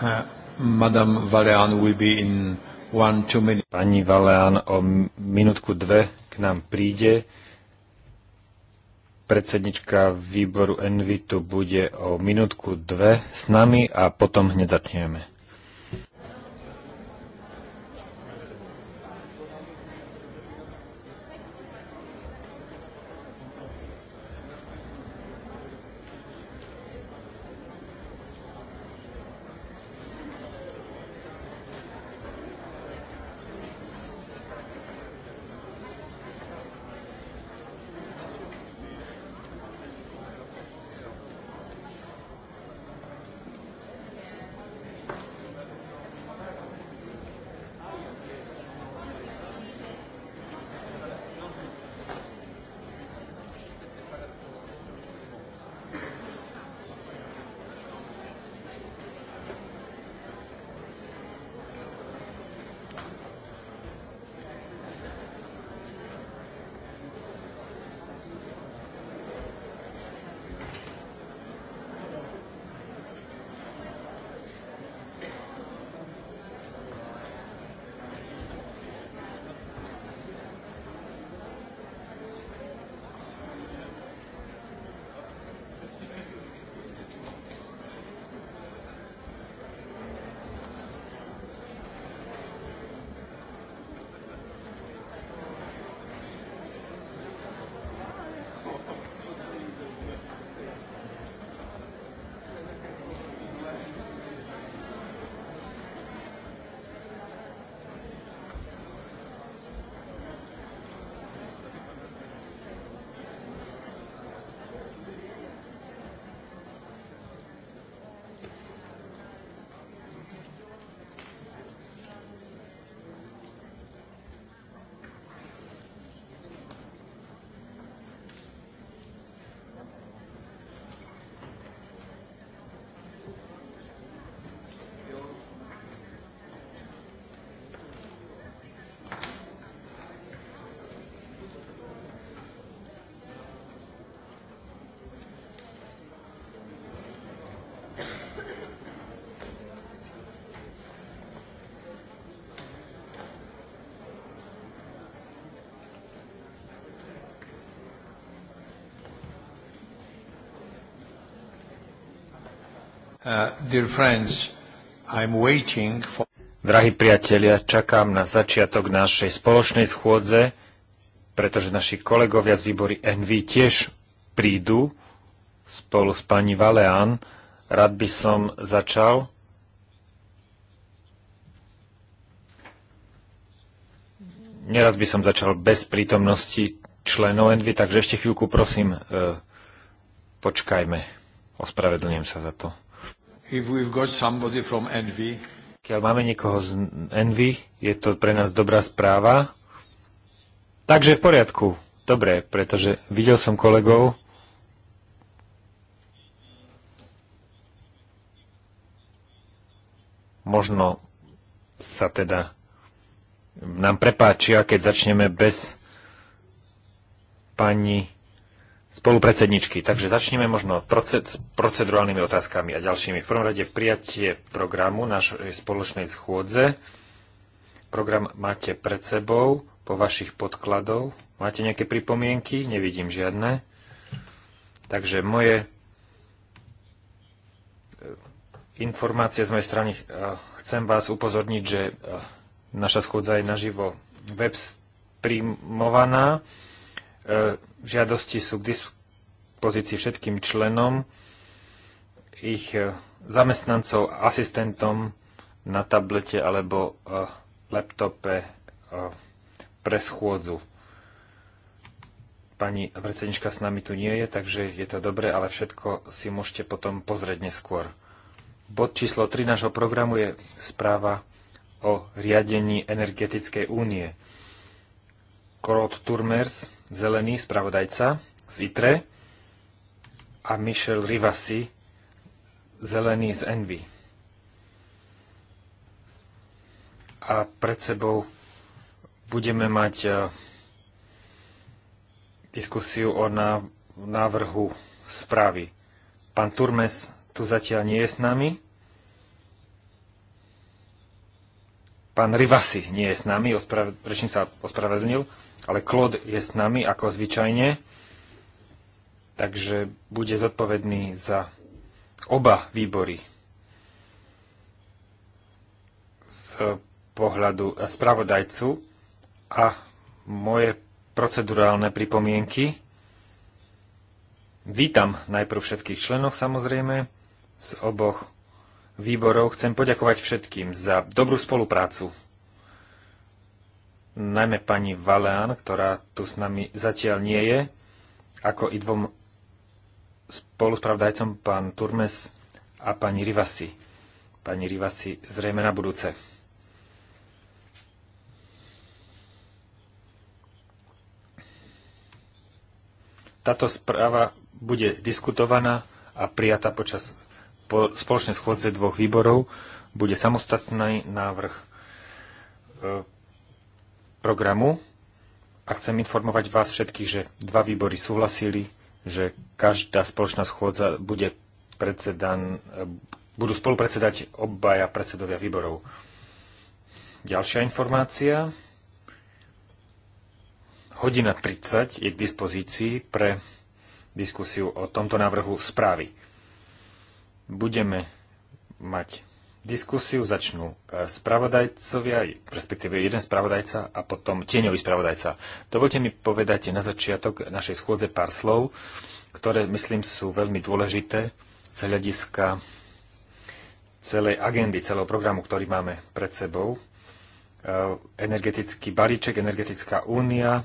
Uh, Madame will be in one, two minutes. Pani Valean o minútku dve k nám príde. Predsednička výboru Envitu bude o minútku dve s nami a potom hneď začneme. Uh, Drahí priatelia, čakám na začiatok našej spoločnej schôdze, pretože naši kolegovia z výbory NV tiež prídu spolu s pani Valeán. Rád by som začal. Neraz by som začal bez prítomnosti členov Envy, takže ešte chvíľku prosím, eh, počkajme. Ospravedlňujem sa za to. If we've got somebody from Envy, máme niekoho z Envy, je to pre nás dobrá správa. Takže v poriadku. Dobre, pretože videl som kolegov, možno sa teda nám prepáčia, keď začneme bez pani spolupredsedničky. Takže začneme možno proced, procedurálnymi otázkami a ďalšími. V prvom rade prijatie programu našej spoločnej schôdze. Program máte pred sebou, po vašich podkladov. Máte nejaké pripomienky? Nevidím žiadne. Takže moje e, informácie z mojej strany. E, chcem vás upozorniť, že e, naša schôdza je naživo web streamovaná E, žiadosti sú k dispozícii všetkým členom, ich e, zamestnancov, asistentom na tablete alebo e, laptope pre schôdzu. Pani predsednička s nami tu nie je, takže je to dobre, ale všetko si môžete potom pozrieť neskôr. Bod číslo 3 nášho programu je správa o riadení energetickej únie. Claude Turmers zelený spravodajca z ITRE a Michel Rivasi, zelený z Envy. A pred sebou budeme mať e, diskusiu o návrhu správy. Pán Turmes tu zatiaľ nie je s nami. Pán Rivasi nie je s nami, ospravedl- sa ospravedlnil ale Klod je s nami ako zvyčajne, takže bude zodpovedný za oba výbory z pohľadu spravodajcu a moje procedurálne pripomienky. Vítam najprv všetkých členov samozrejme z oboch výborov. Chcem poďakovať všetkým za dobrú spoluprácu najmä pani Valean, ktorá tu s nami zatiaľ nie je, ako i dvom spoluspravdajcom pán Turmes a pani Rivasi. Pani Rivasi zrejme na budúce. Táto správa bude diskutovaná a prijatá počas po spoločnej schôdze dvoch výborov. Bude samostatný návrh e, programu a chcem informovať vás všetkých, že dva výbory súhlasili, že každá spoločná schôdza bude predsedan, budú spolupredsedať obaja predsedovia výborov. Ďalšia informácia. Hodina 30 je k dispozícii pre diskusiu o tomto návrhu správy. Budeme mať Diskusiu začnú e, spravodajcovia, respektíve jeden spravodajca a potom tieňový spravodajca. Dovolte mi povedať na začiatok našej schôdze pár slov, ktoré myslím sú veľmi dôležité z hľadiska celej agendy, celého programu, ktorý máme pred sebou. E, energetický balíček, energetická únia. E,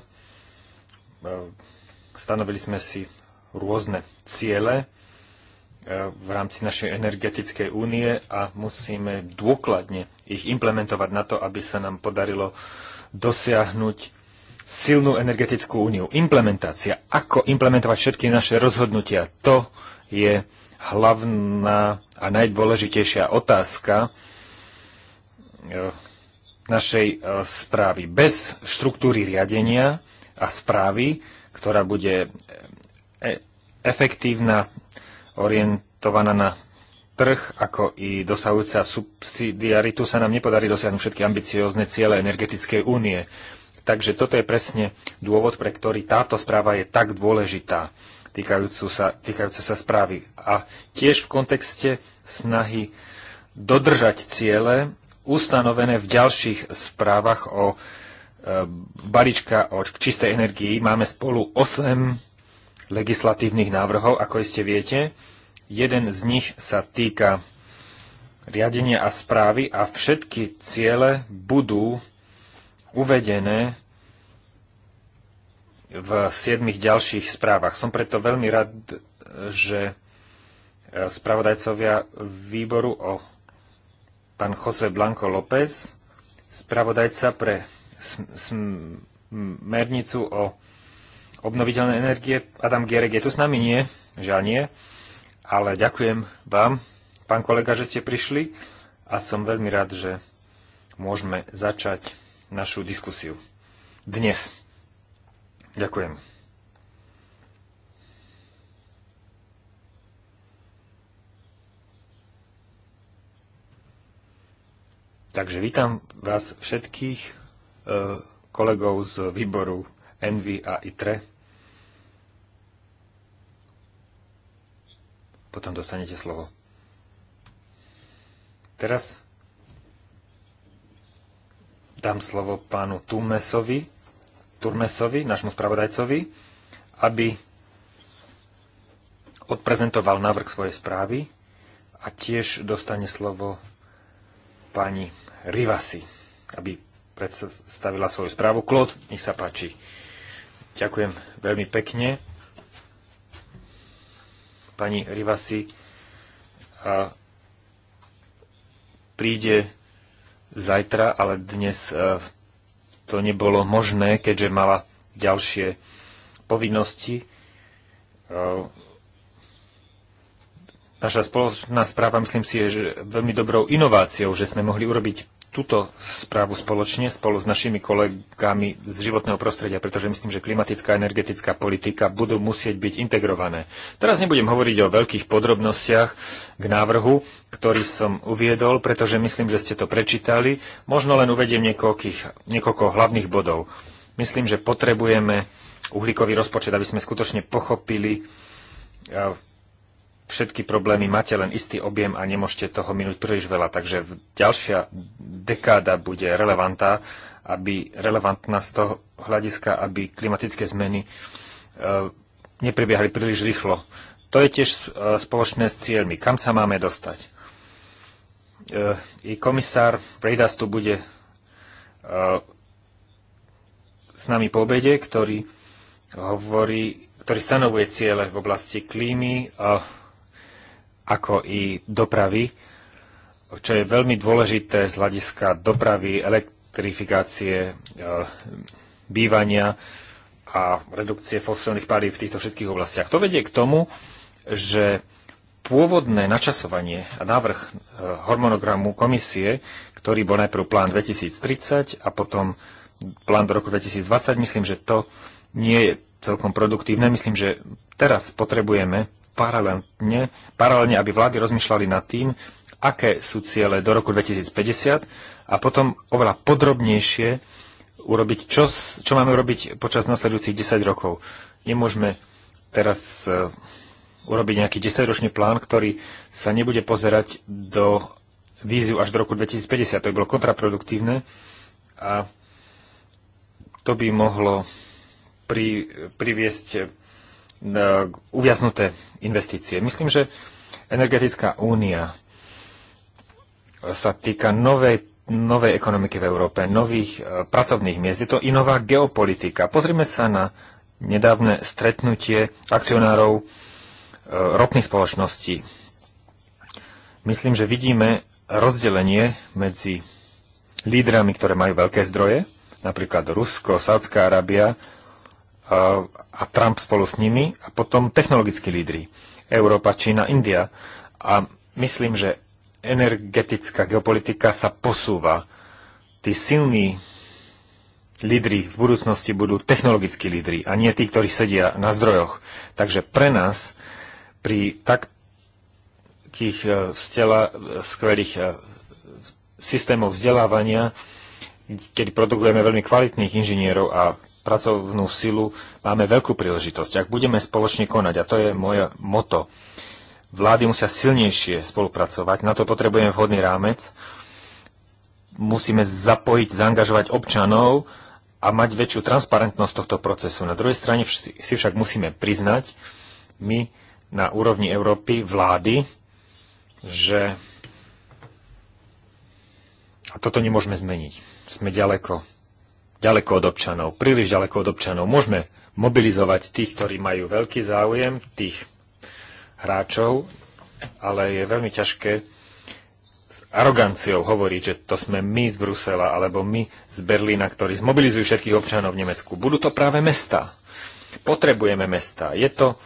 stanovili sme si rôzne ciele, v rámci našej energetickej únie a musíme dôkladne ich implementovať na to, aby sa nám podarilo dosiahnuť silnú energetickú úniu. Implementácia, ako implementovať všetky naše rozhodnutia, to je hlavná a najdôležitejšia otázka e, našej e, správy. Bez štruktúry riadenia a správy, ktorá bude e, efektívna, orientovaná na trh, ako i dosahujúca subsidiaritu sa nám nepodarí dosiahnuť všetky ambiciózne ciele energetickej únie. Takže toto je presne dôvod, pre ktorý táto správa je tak dôležitá, týkajúcu sa, týkajúce sa správy. A tiež v kontexte snahy dodržať ciele ustanovené v ďalších správach o e, balíčka o čistej energii. Máme spolu 8 legislatívnych návrhov, ako iste viete. Jeden z nich sa týka riadenia a správy a všetky ciele budú uvedené v siedmých ďalších správach. Som preto veľmi rád, že e, spravodajcovia výboru o pán Jose Blanco López, spravodajca pre smernicu o obnoviteľné energie. Adam Gierek je tu s nami? Nie, žiaľ nie. Ale ďakujem vám, pán kolega, že ste prišli a som veľmi rád, že môžeme začať našu diskusiu. Dnes. Ďakujem. Takže vítam vás všetkých eh, kolegov z výboru Envy a ITRE. Potom dostanete slovo. Teraz dám slovo pánu Tumesovi, Turmesovi, našmu spravodajcovi, aby odprezentoval návrh svojej správy a tiež dostane slovo pani Rivasi, aby predstavila svoju správu. Klod, nech sa páči. Ďakujem veľmi pekne pani Rivasi a príde zajtra, ale dnes e, to nebolo možné, keďže mala ďalšie povinnosti. E, naša spoločná správa, myslím si, je že veľmi dobrou inováciou, že sme mohli urobiť túto správu spoločne spolu s našimi kolegami z životného prostredia, pretože myslím, že klimatická a energetická politika budú musieť byť integrované. Teraz nebudem hovoriť o veľkých podrobnostiach k návrhu, ktorý som uviedol, pretože myslím, že ste to prečítali. Možno len uvediem niekoľko hlavných bodov. Myslím, že potrebujeme uhlíkový rozpočet, aby sme skutočne pochopili, eh, všetky problémy, máte len istý objem a nemôžete toho minúť príliš veľa. Takže ďalšia dekáda bude relevantná, aby relevantná z toho hľadiska, aby klimatické zmeny e, neprebiehali príliš rýchlo. To je tiež e, spoločné s cieľmi. Kam sa máme dostať? E, I komisár Reidas tu bude e, s nami po obede, ktorý hovorí, ktorý stanovuje ciele v oblasti klímy, a ako i dopravy, čo je veľmi dôležité z hľadiska dopravy, elektrifikácie, e, bývania a redukcie fosilných palív v týchto všetkých oblastiach. To vedie k tomu, že pôvodné načasovanie a návrh e, hormonogramu komisie, ktorý bol najprv plán 2030 a potom plán do roku 2020, myslím, že to nie je celkom produktívne. Myslím, že teraz potrebujeme paralelne, paralelne, aby vlády rozmýšľali nad tým, aké sú ciele do roku 2050 a potom oveľa podrobnejšie urobiť, čo, čo máme urobiť počas nasledujúcich 10 rokov. Nemôžeme teraz e, urobiť nejaký 10-ročný plán, ktorý sa nebude pozerať do víziu až do roku 2050. To by bolo kontraproduktívne a to by mohlo pri, priviesť E, uviaznuté investície. Myslím, že energetická únia sa týka novej, novej ekonomiky v Európe, nových e, pracovných miest. Je to i nová geopolitika. Pozrime sa na nedávne stretnutie akcionárov e, ropných spoločností. Myslím, že vidíme rozdelenie medzi lídrami, ktoré majú veľké zdroje, napríklad Rusko, Sádzka Arábia, a Trump spolu s nimi a potom technologickí lídry. Európa, Čína, India. A myslím, že energetická geopolitika sa posúva. Tí silní lídry v budúcnosti budú technologickí lídry a nie tí, ktorí sedia na zdrojoch. Takže pre nás pri takých e, vztela, skvelých e, systémov vzdelávania, kedy produkujeme veľmi kvalitných inžinierov a pracovnú silu, máme veľkú príležitosť, ak budeme spoločne konať. A to je moje moto. Vlády musia silnejšie spolupracovať, na to potrebujeme vhodný rámec. Musíme zapojiť, zaangažovať občanov a mať väčšiu transparentnosť tohto procesu. Na druhej strane si však musíme priznať, my na úrovni Európy, vlády, že a toto nemôžeme zmeniť. Sme ďaleko ďaleko od občanov, príliš ďaleko od občanov. Môžeme mobilizovať tých, ktorí majú veľký záujem, tých hráčov, ale je veľmi ťažké s aroganciou hovoriť, že to sme my z Brusela alebo my z Berlína, ktorí zmobilizujú všetkých občanov v Nemecku. Budú to práve mesta. Potrebujeme mesta. Je to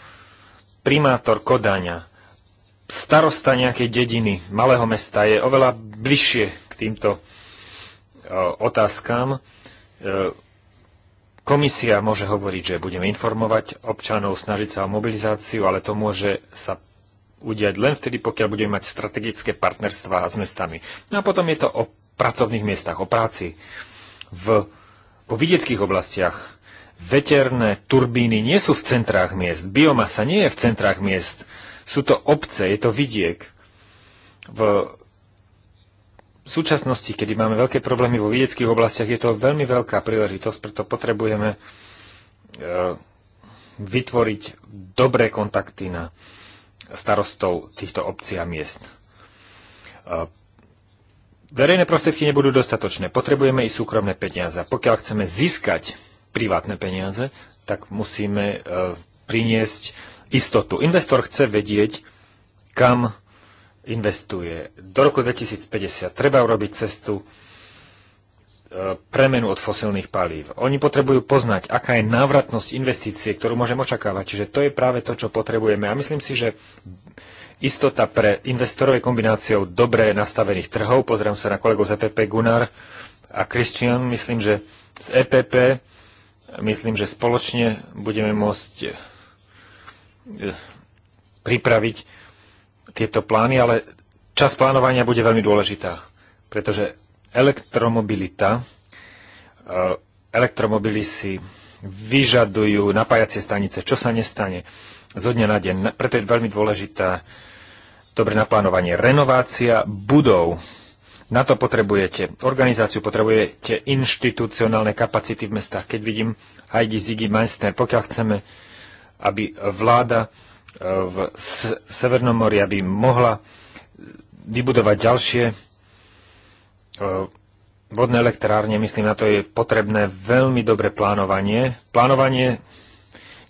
primátor Kodania, starosta nejakej dediny, malého mesta je oveľa bližšie k týmto e, otázkam E, komisia môže hovoriť, že budeme informovať občanov, snažiť sa o mobilizáciu, ale to môže sa udiať len vtedy, pokiaľ budeme mať strategické partnerstvá s mestami. No a potom je to o pracovných miestach, o práci. V, po vidieckých oblastiach veterné turbíny nie sú v centrách miest, biomasa nie je v centrách miest, sú to obce, je to vidiek. V v súčasnosti, kedy máme veľké problémy vo vedeckých oblastiach, je to veľmi veľká príležitosť, preto potrebujeme e, vytvoriť dobré kontakty na starostov týchto obcí a miest. E, verejné prostriedky nebudú dostatočné. Potrebujeme i súkromné peniaze. Pokiaľ chceme získať privátne peniaze, tak musíme e, priniesť istotu. Investor chce vedieť, kam investuje. Do roku 2050 treba urobiť cestu e, premenu od fosilných palív. Oni potrebujú poznať, aká je návratnosť investície, ktorú môžem očakávať. Čiže to je práve to, čo potrebujeme. A myslím si, že istota pre investorov je kombináciou dobre nastavených trhov. Pozriem sa na kolegov z EPP Gunnar a Christian. Myslím, že z EPP, myslím, že spoločne budeme môcť e, pripraviť tieto plány, ale čas plánovania bude veľmi dôležitá, pretože elektromobilita, e, elektromobily si vyžadujú napájacie stanice, čo sa nestane zo dňa na deň. Preto je veľmi dôležitá dobre naplánovanie. Renovácia budov. Na to potrebujete organizáciu, potrebujete inštitucionálne kapacity v mestách. Keď vidím Heidi Ziggy Meissner, pokiaľ chceme, aby vláda v Severnom mori, aby mohla vybudovať ďalšie e, vodné elektrárne. Myslím, na to je potrebné veľmi dobré plánovanie. Plánovanie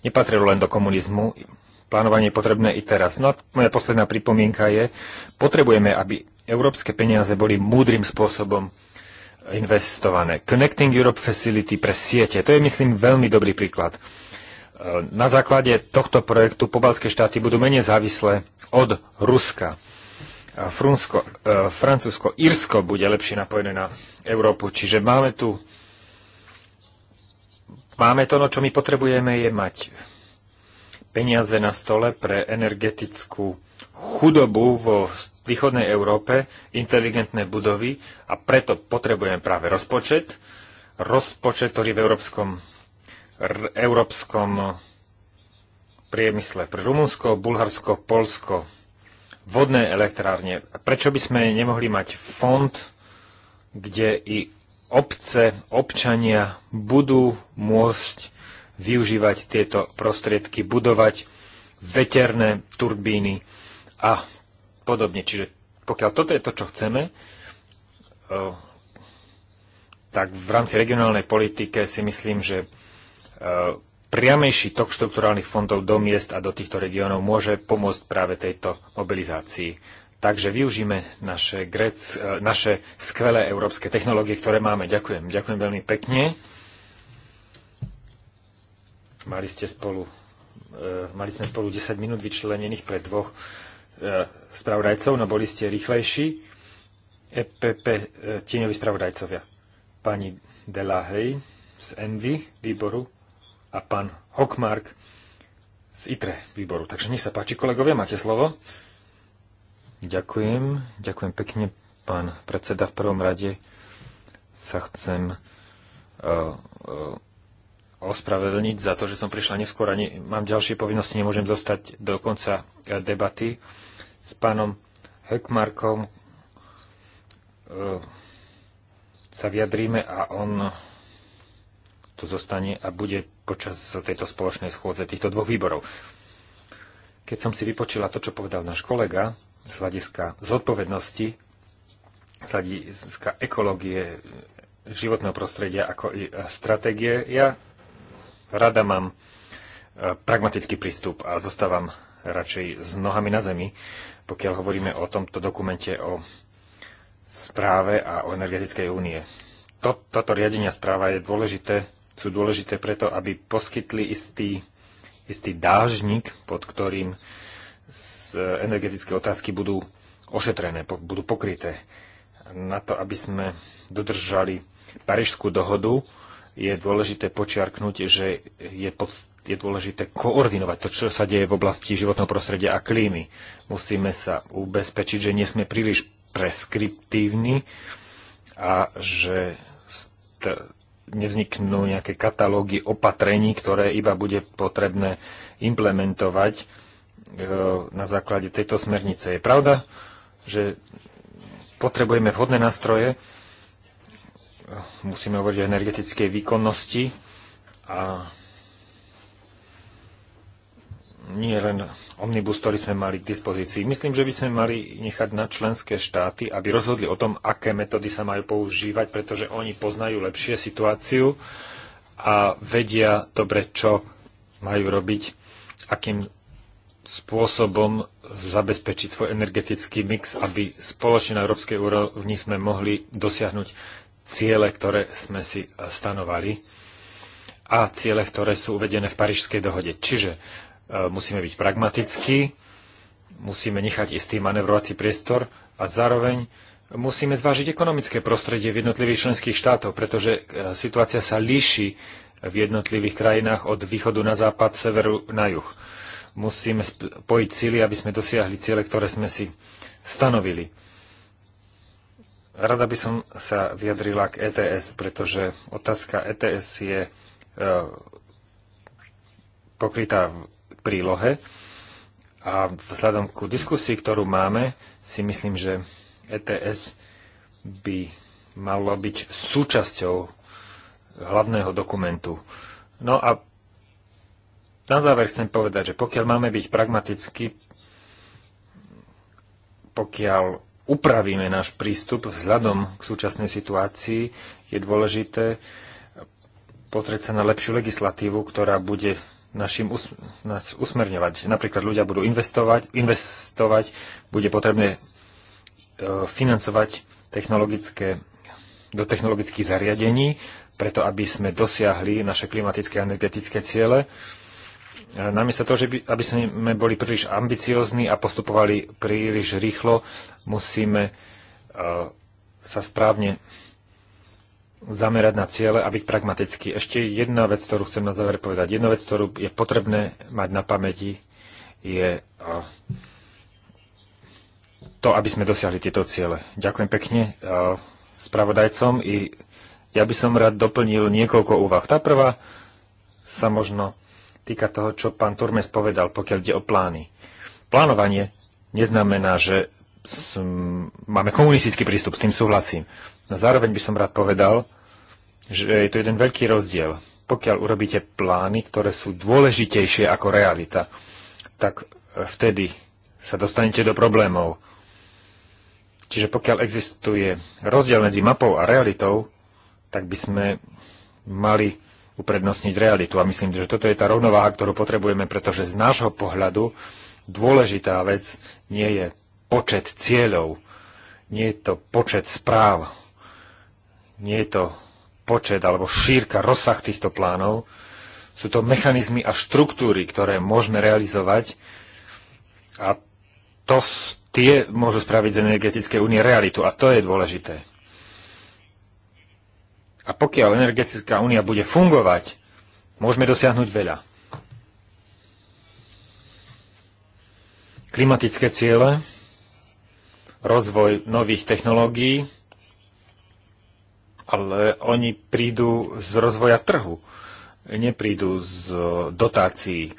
nepatrilo len do komunizmu. Plánovanie je potrebné i teraz. No a moja posledná pripomienka je, potrebujeme, aby európske peniaze boli múdrym spôsobom investované. Connecting Europe Facility pre siete, to je, myslím, veľmi dobrý príklad. E, na základe tohto projektu pobalské štáty budú menej závislé od Ruska. E, Frunsko, e, Francúzsko, Írsko bude lepšie napojené na Európu. Čiže máme tu máme to, no čo my potrebujeme je mať peniaze na stole pre energetickú chudobu vo východnej Európe, inteligentné budovy a preto potrebujeme práve rozpočet, rozpočet, ktorý v Európskom európskom priemysle. Pre Rumunsko, Bulharsko, Polsko, vodné elektrárne. Prečo by sme nemohli mať fond, kde i obce, občania budú môcť využívať tieto prostriedky, budovať veterné turbíny a podobne. Čiže pokiaľ toto je to, čo chceme, eh, tak v rámci regionálnej politike si myslím, že E, priamejší tok štrukturálnych fondov do miest a do týchto regiónov môže pomôcť práve tejto mobilizácii. Takže využíme naše, grec, e, naše skvelé európske technológie, ktoré máme. Ďakujem. Ďakujem veľmi pekne. Mali, ste spolu, e, mali sme spolu 10 minút vyčlenených pre dvoch spravodajcov, no boli ste rýchlejší. EPP, tieňoví spravodajcovia. Pani Delahej z Envy výboru a pán Hokmark z ITRE výboru. Takže nech sa páči, kolegovia, máte slovo. Ďakujem, ďakujem pekne, pán predseda. V prvom rade sa chcem uh, uh, ospravedlniť za to, že som prišla neskôr a ne, mám ďalšie povinnosti, nemôžem zostať do konca uh, debaty s pánom Hekmarkom. Uh, sa vyjadríme a on tu zostane a bude počas tejto spoločnej schôdze týchto dvoch výborov. Keď som si vypočila to, čo povedal náš kolega z hľadiska zodpovednosti, z hľadiska ekológie, životného prostredia, ako i stratégie, ja rada mám e, pragmatický prístup a zostávam radšej s nohami na zemi, pokiaľ hovoríme o tomto dokumente o správe a o energetickej únie. toto riadenia správa je dôležité sú dôležité preto, aby poskytli istý, istý dážnik, pod ktorým energetické otázky budú ošetrené, budú pokryté. Na to, aby sme dodržali Parížskú dohodu, je dôležité počiarknúť, že je, pod, je dôležité koordinovať to, čo sa deje v oblasti životného prostredia a klímy. Musíme sa ubezpečiť, že nie sme príliš preskriptívni a že nevzniknú nejaké katalógy opatrení, ktoré iba bude potrebné implementovať e, na základe tejto smernice. Je pravda, že potrebujeme vhodné nástroje, e, musíme hovoriť o energetickej výkonnosti a nie len omnibus, ktorý sme mali k dispozícii. Myslím, že by sme mali nechať na členské štáty, aby rozhodli o tom, aké metódy sa majú používať, pretože oni poznajú lepšie situáciu a vedia dobre, čo majú robiť, akým spôsobom zabezpečiť svoj energetický mix, aby spoločne na európskej úrovni sme mohli dosiahnuť ciele, ktoré sme si stanovali a ciele, ktoré sú uvedené v Parížskej dohode. Čiže E, musíme byť pragmatickí, musíme nechať istý manevrovací priestor a zároveň musíme zvážiť ekonomické prostredie v jednotlivých členských štátoch, pretože e, situácia sa líši v jednotlivých krajinách od východu na západ, severu na juh. Musíme spojiť síly, aby sme dosiahli ciele, ktoré sme si stanovili. Rada by som sa vyjadrila k ETS, pretože otázka ETS je e, pokrytá prílohe. A vzhľadom ku diskusii, ktorú máme, si myslím, že ETS by malo byť súčasťou hlavného dokumentu. No a na záver chcem povedať, že pokiaľ máme byť pragmaticky, pokiaľ upravíme náš prístup vzhľadom k súčasnej situácii, je dôležité pozrieť sa na lepšiu legislatívu, ktorá bude našim, nás usmerňovať. Napríklad ľudia budú investovať, investovať bude potrebné e, financovať technologické, do technologických zariadení, preto aby sme dosiahli naše klimatické a energetické ciele. E, namiesto toho, že by, aby sme boli príliš ambiciózni a postupovali príliš rýchlo, musíme e, sa správne zamerať na ciele a byť pragmatický. Ešte jedna vec, ktorú chcem na záver povedať. Jedna vec, ktorú je potrebné mať na pamäti, je to, aby sme dosiahli tieto ciele. Ďakujem pekne spravodajcom i ja by som rád doplnil niekoľko úvah. Tá prvá sa možno týka toho, čo pán Turmes povedal, pokiaľ ide o plány. Plánovanie neznamená, že som, máme komunistický prístup, s tým súhlasím. No zároveň by som rád povedal, že je to jeden veľký rozdiel. Pokiaľ urobíte plány, ktoré sú dôležitejšie ako realita, tak e, vtedy sa dostanete do problémov. Čiže pokiaľ existuje rozdiel medzi mapou a realitou, tak by sme mali uprednostniť realitu. A myslím, že toto je tá rovnováha, ktorú potrebujeme, pretože z nášho pohľadu dôležitá vec nie je počet cieľov, nie je to počet správ, nie je to počet alebo šírka, rozsah týchto plánov. Sú to mechanizmy a štruktúry, ktoré môžeme realizovať a to, tie môžu spraviť z energetickej únie realitu a to je dôležité. A pokiaľ energetická únia bude fungovať, môžeme dosiahnuť veľa. Klimatické ciele, rozvoj nových technológií, ale oni prídu z rozvoja trhu, neprídu z dotácií,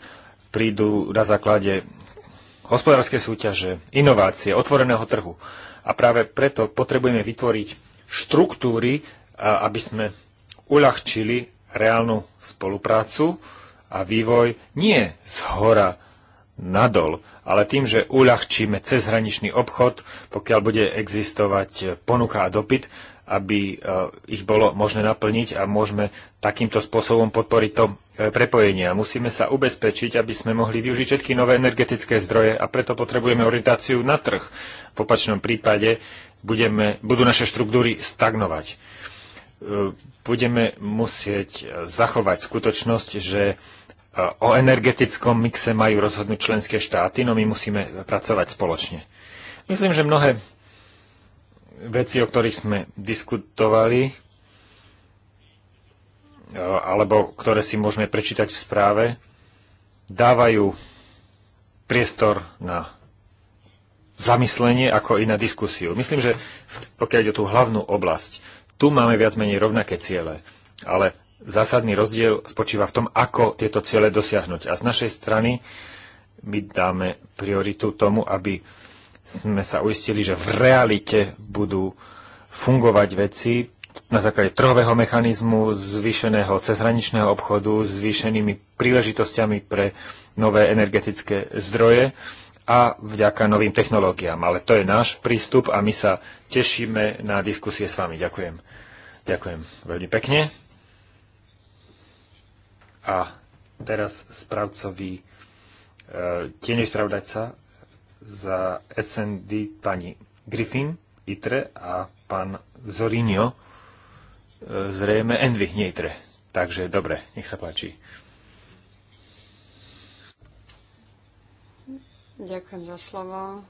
prídu na základe hospodárskej súťaže, inovácie, otvoreného trhu. A práve preto potrebujeme vytvoriť štruktúry, aby sme uľahčili reálnu spoluprácu a vývoj nie z hora nadol, ale tým, že uľahčíme cezhraničný obchod, pokiaľ bude existovať ponuka a dopyt, aby e, ich bolo možné naplniť a môžeme takýmto spôsobom podporiť to e, prepojenie. musíme sa ubezpečiť, aby sme mohli využiť všetky nové energetické zdroje a preto potrebujeme orientáciu na trh. V opačnom prípade budeme, budú naše štruktúry stagnovať. E, budeme musieť zachovať skutočnosť, že o energetickom mixe majú rozhodnúť členské štáty, no my musíme pracovať spoločne. Myslím, že mnohé veci, o ktorých sme diskutovali, alebo ktoré si môžeme prečítať v správe, dávajú priestor na zamyslenie ako i na diskusiu. Myslím, že pokiaľ ide o tú hlavnú oblasť, tu máme viac menej rovnaké ciele, ale zásadný rozdiel spočíva v tom, ako tieto ciele dosiahnuť. A z našej strany my dáme prioritu tomu, aby sme sa uistili, že v realite budú fungovať veci na základe trhového mechanizmu, zvýšeného cezhraničného obchodu, zvýšenými príležitosťami pre nové energetické zdroje a vďaka novým technológiám. Ale to je náš prístup a my sa tešíme na diskusie s vami. Ďakujem. Ďakujem veľmi pekne. A teraz spravcový e, tieňový spravodajca za SND pani Griffin, ITRE a pán Zorinio, e, zrejme Envy, nie ITRE. Takže dobre, nech sa páči. Ďakujem za slovo.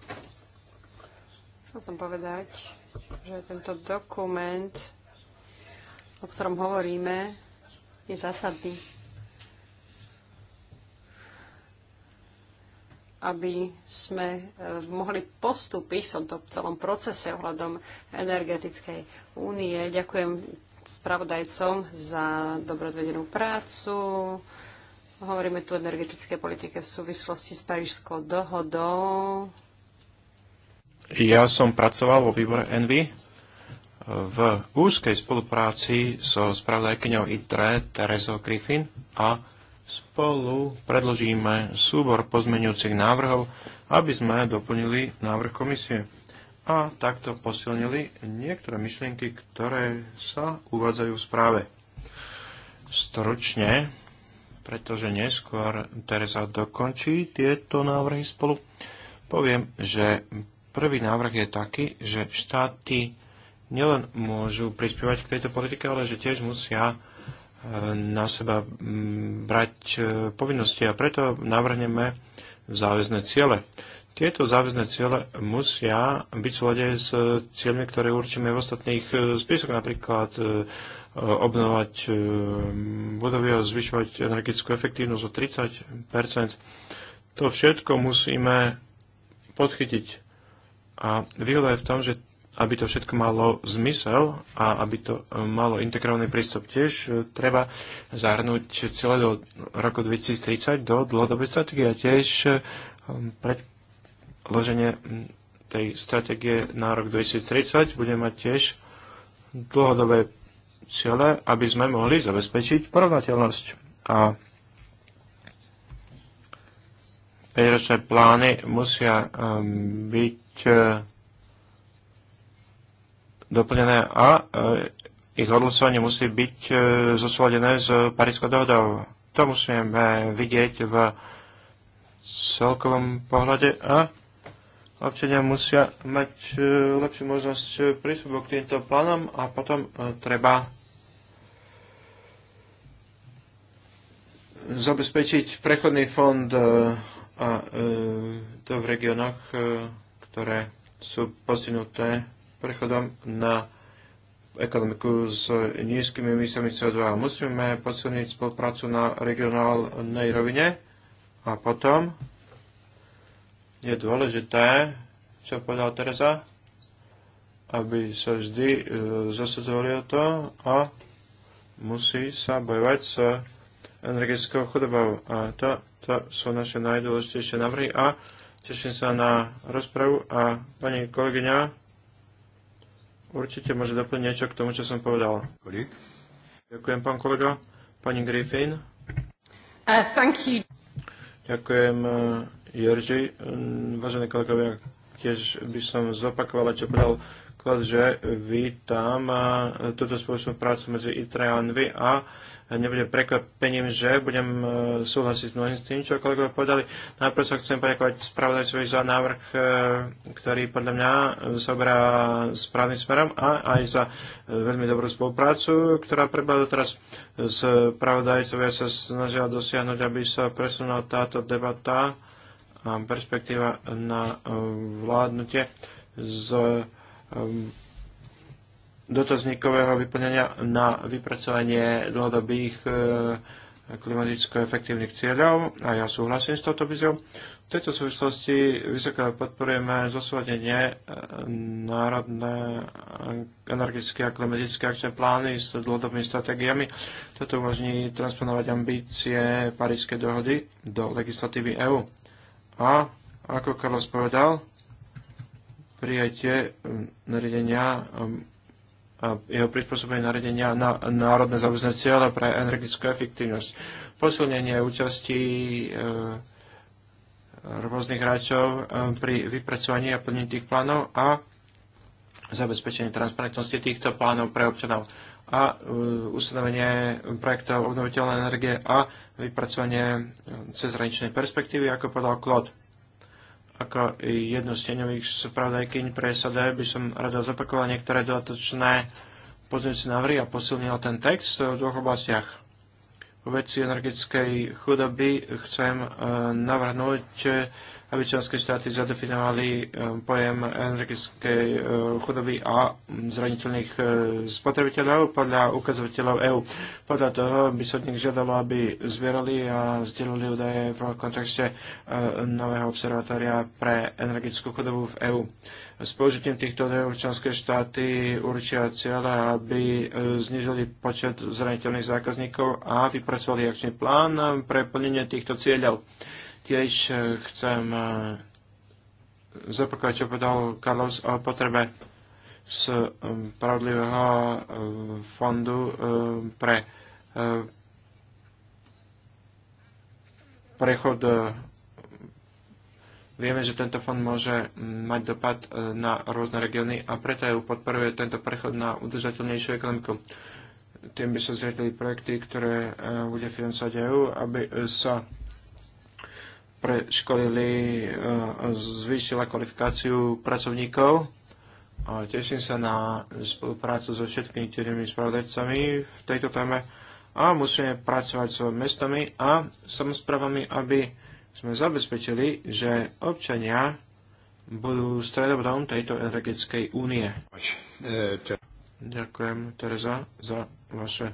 Chcel som povedať, že tento dokument, o ktorom hovoríme, je zásadný aby sme e, mohli postúpiť v tomto celom procese ohľadom energetickej únie. Ďakujem spravodajcom za dobrodvedenú prácu. Hovoríme tu o energetickej politike v súvislosti s Parížskou dohodou. Ja som pracoval vo výbore Envy v úzkej spolupráci so spravodajkyňou ITRE Terezou Griffin a spolu predložíme súbor pozmeňujúcich návrhov, aby sme doplnili návrh komisie a takto posilnili niektoré myšlienky, ktoré sa uvádzajú v správe. Stručne, pretože neskôr Teresa dokončí tieto návrhy spolu, poviem, že prvý návrh je taký, že štáty nielen môžu prispievať k tejto politike, ale že tiež musia na seba mm, brať e, povinnosti a preto navrhneme záväzné ciele. Tieto záväzné ciele musia byť v súlade s cieľmi, ktoré určíme v ostatných e, spisoch, napríklad e, obnovať budovy a zvyšovať energetickú efektívnosť o 30 To všetko musíme podchytiť. A výhoda je v tom, že aby to všetko malo zmysel a aby to e, malo integrovaný prístup tiež, e, treba zahrnúť celé do roku 2030 do dlhodobej stratégie a tiež e, predloženie tej stratégie na rok 2030 bude mať tiež dlhodobé ciele, aby sme mohli zabezpečiť porovnateľnosť. A 5-ročné plány musia byť doplnené a e, ich odhlasovanie musí byť e, zosúladené s Parískou dohodou. To musíme vidieť v celkovom pohľade a občania musia mať e, lepšiu možnosť prístupu k týmto plánom a potom treba zabezpečiť prechodný fond a to v regiónoch, ktoré sú postihnuté prechodom na ekonomiku s nízkymi emisiami CO2. Musíme posilniť spoluprácu na regionálnej rovine a potom je dôležité, čo povedal Teresa, aby sa vždy e, zasadzovali o to a musí sa bojovať s energetickou chudobou. A to, to sú naše najdôležitejšie návrhy a teším sa na rozpravu a pani kolegyňa Určite môže doplniť niečo k tomu, čo som povedal. Kolik? Ďakujem, pán kolega. Pani Griffin. Uh, thank you. Ďakujem, uh, Jerži. Mm, Vážené kolegovia, tiež by som zopakovala, čo povedal príklad, že vítam túto spoločnú prácu medzi ITRE a ANVI a nebude prekvapením, že budem e, súhlasiť s mnohým s tým, čo kolegovia povedali. Najprv sa chcem poďakovať spravodajcovi za návrh, e, ktorý podľa mňa zaoberá správnym smerom a aj za e, veľmi dobrú spoluprácu, ktorá prebehla doteraz. Spravodajcovia sa snažila dosiahnuť, aby sa presunula táto debata a perspektíva na vládnutie z Ehm, dotazníkového vyplnenia na vypracovanie dlhodobých e, klimaticko-efektívnych cieľov a ja súhlasím s touto viziou. V tejto súvislosti vysoko podporujeme zosúladenie e, národné energetické a klimatické akčné plány s dlhodobými stratégiami. Toto umožní transponovať ambície Parískej dohody do legislatívy EÚ. A ako Karlos povedal, prijatie um, nariadenia um, a jeho prispôsobenie nariadenia na národné záväzné cieľe pre energetickú efektívnosť. Posilnenie účasti e, rôznych hráčov e, pri vypracovaní a plnení tých plánov a zabezpečenie transparentnosti týchto plánov pre občanov a e, ustanovenie projektov obnoviteľnej energie a vypracovanie cezhraničnej perspektívy, ako podal Claude. Ako jednu z teňových spravodajkyň pre SAD by som rada zopakovala niektoré dodatočné pozmeňujúce návrhy a posilnila ten text v dvoch oblastiach. V veci energetickej chudoby chcem eh, navrhnúť eh, aby členské štáty zadefinovali e, pojem energetickej e, chudoby a zraniteľných e, spotrebiteľov podľa ukazovateľov EÚ. Podľa toho by sa nich žiadalo, aby zvierali a zdieľali údaje v kontexte nového observatória pre energetickú chudobu v EÚ. S použitím týchto údajov členské štáty určia cieľa, aby znižili počet zraniteľných zákazníkov a vypracovali akčný plán pre plnenie týchto cieľov. Tiež eh, chcem eh, zopakovať, čo povedal Carlos o potrebe eh, spravodlivého fondu pre prechod. Vieme, že tento fond môže mať dopad na rôzne regióny a preto ju podporuje tento prechod na udržateľnejšiu ekonomiku. Tým by sa zriedili projekty, ktoré bude financovať EU, aby sa preškolili, eh, zvýšila kvalifikáciu pracovníkov. teším sa na spoluprácu so všetkými tými spravodajcami v tejto téme a musíme pracovať s mestami a samozprávami, aby sme zabezpečili, že občania budú stredobodom tejto energetickej únie. Ďakujem, Tereza, za vaše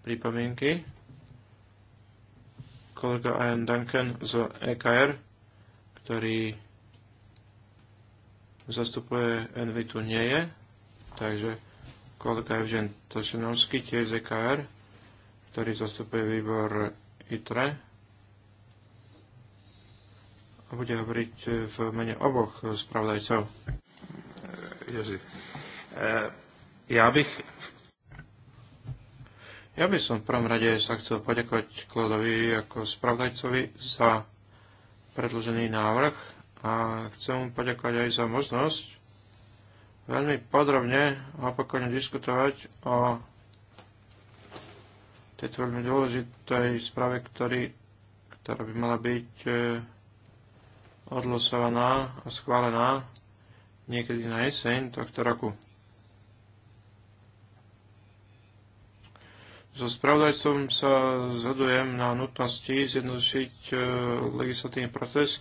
pripomienky kolega Ian Duncan z EKR, ktorý zastupuje NV tu nie je, takže kolega Evžen Tošenovský, tiež z EKR, ktorý zastupuje výbor ITRE a bude hovoriť v mene oboch spravodajcov. Ježi. E, ja bych v ja by som v prvom rade sa chcel poďakovať Klodovi ako spravdajcovi za predložený návrh a chcem mu poďakovať aj za možnosť veľmi podrobne a opakovanne diskutovať o tejto veľmi dôležitej správe, ktorý, ktorá by mala byť e, odlosovaná a schválená niekedy na jeseň tohto roku. So spravodajcom sa zhodujem na nutnosti zjednodušiť e, legislatívny proces,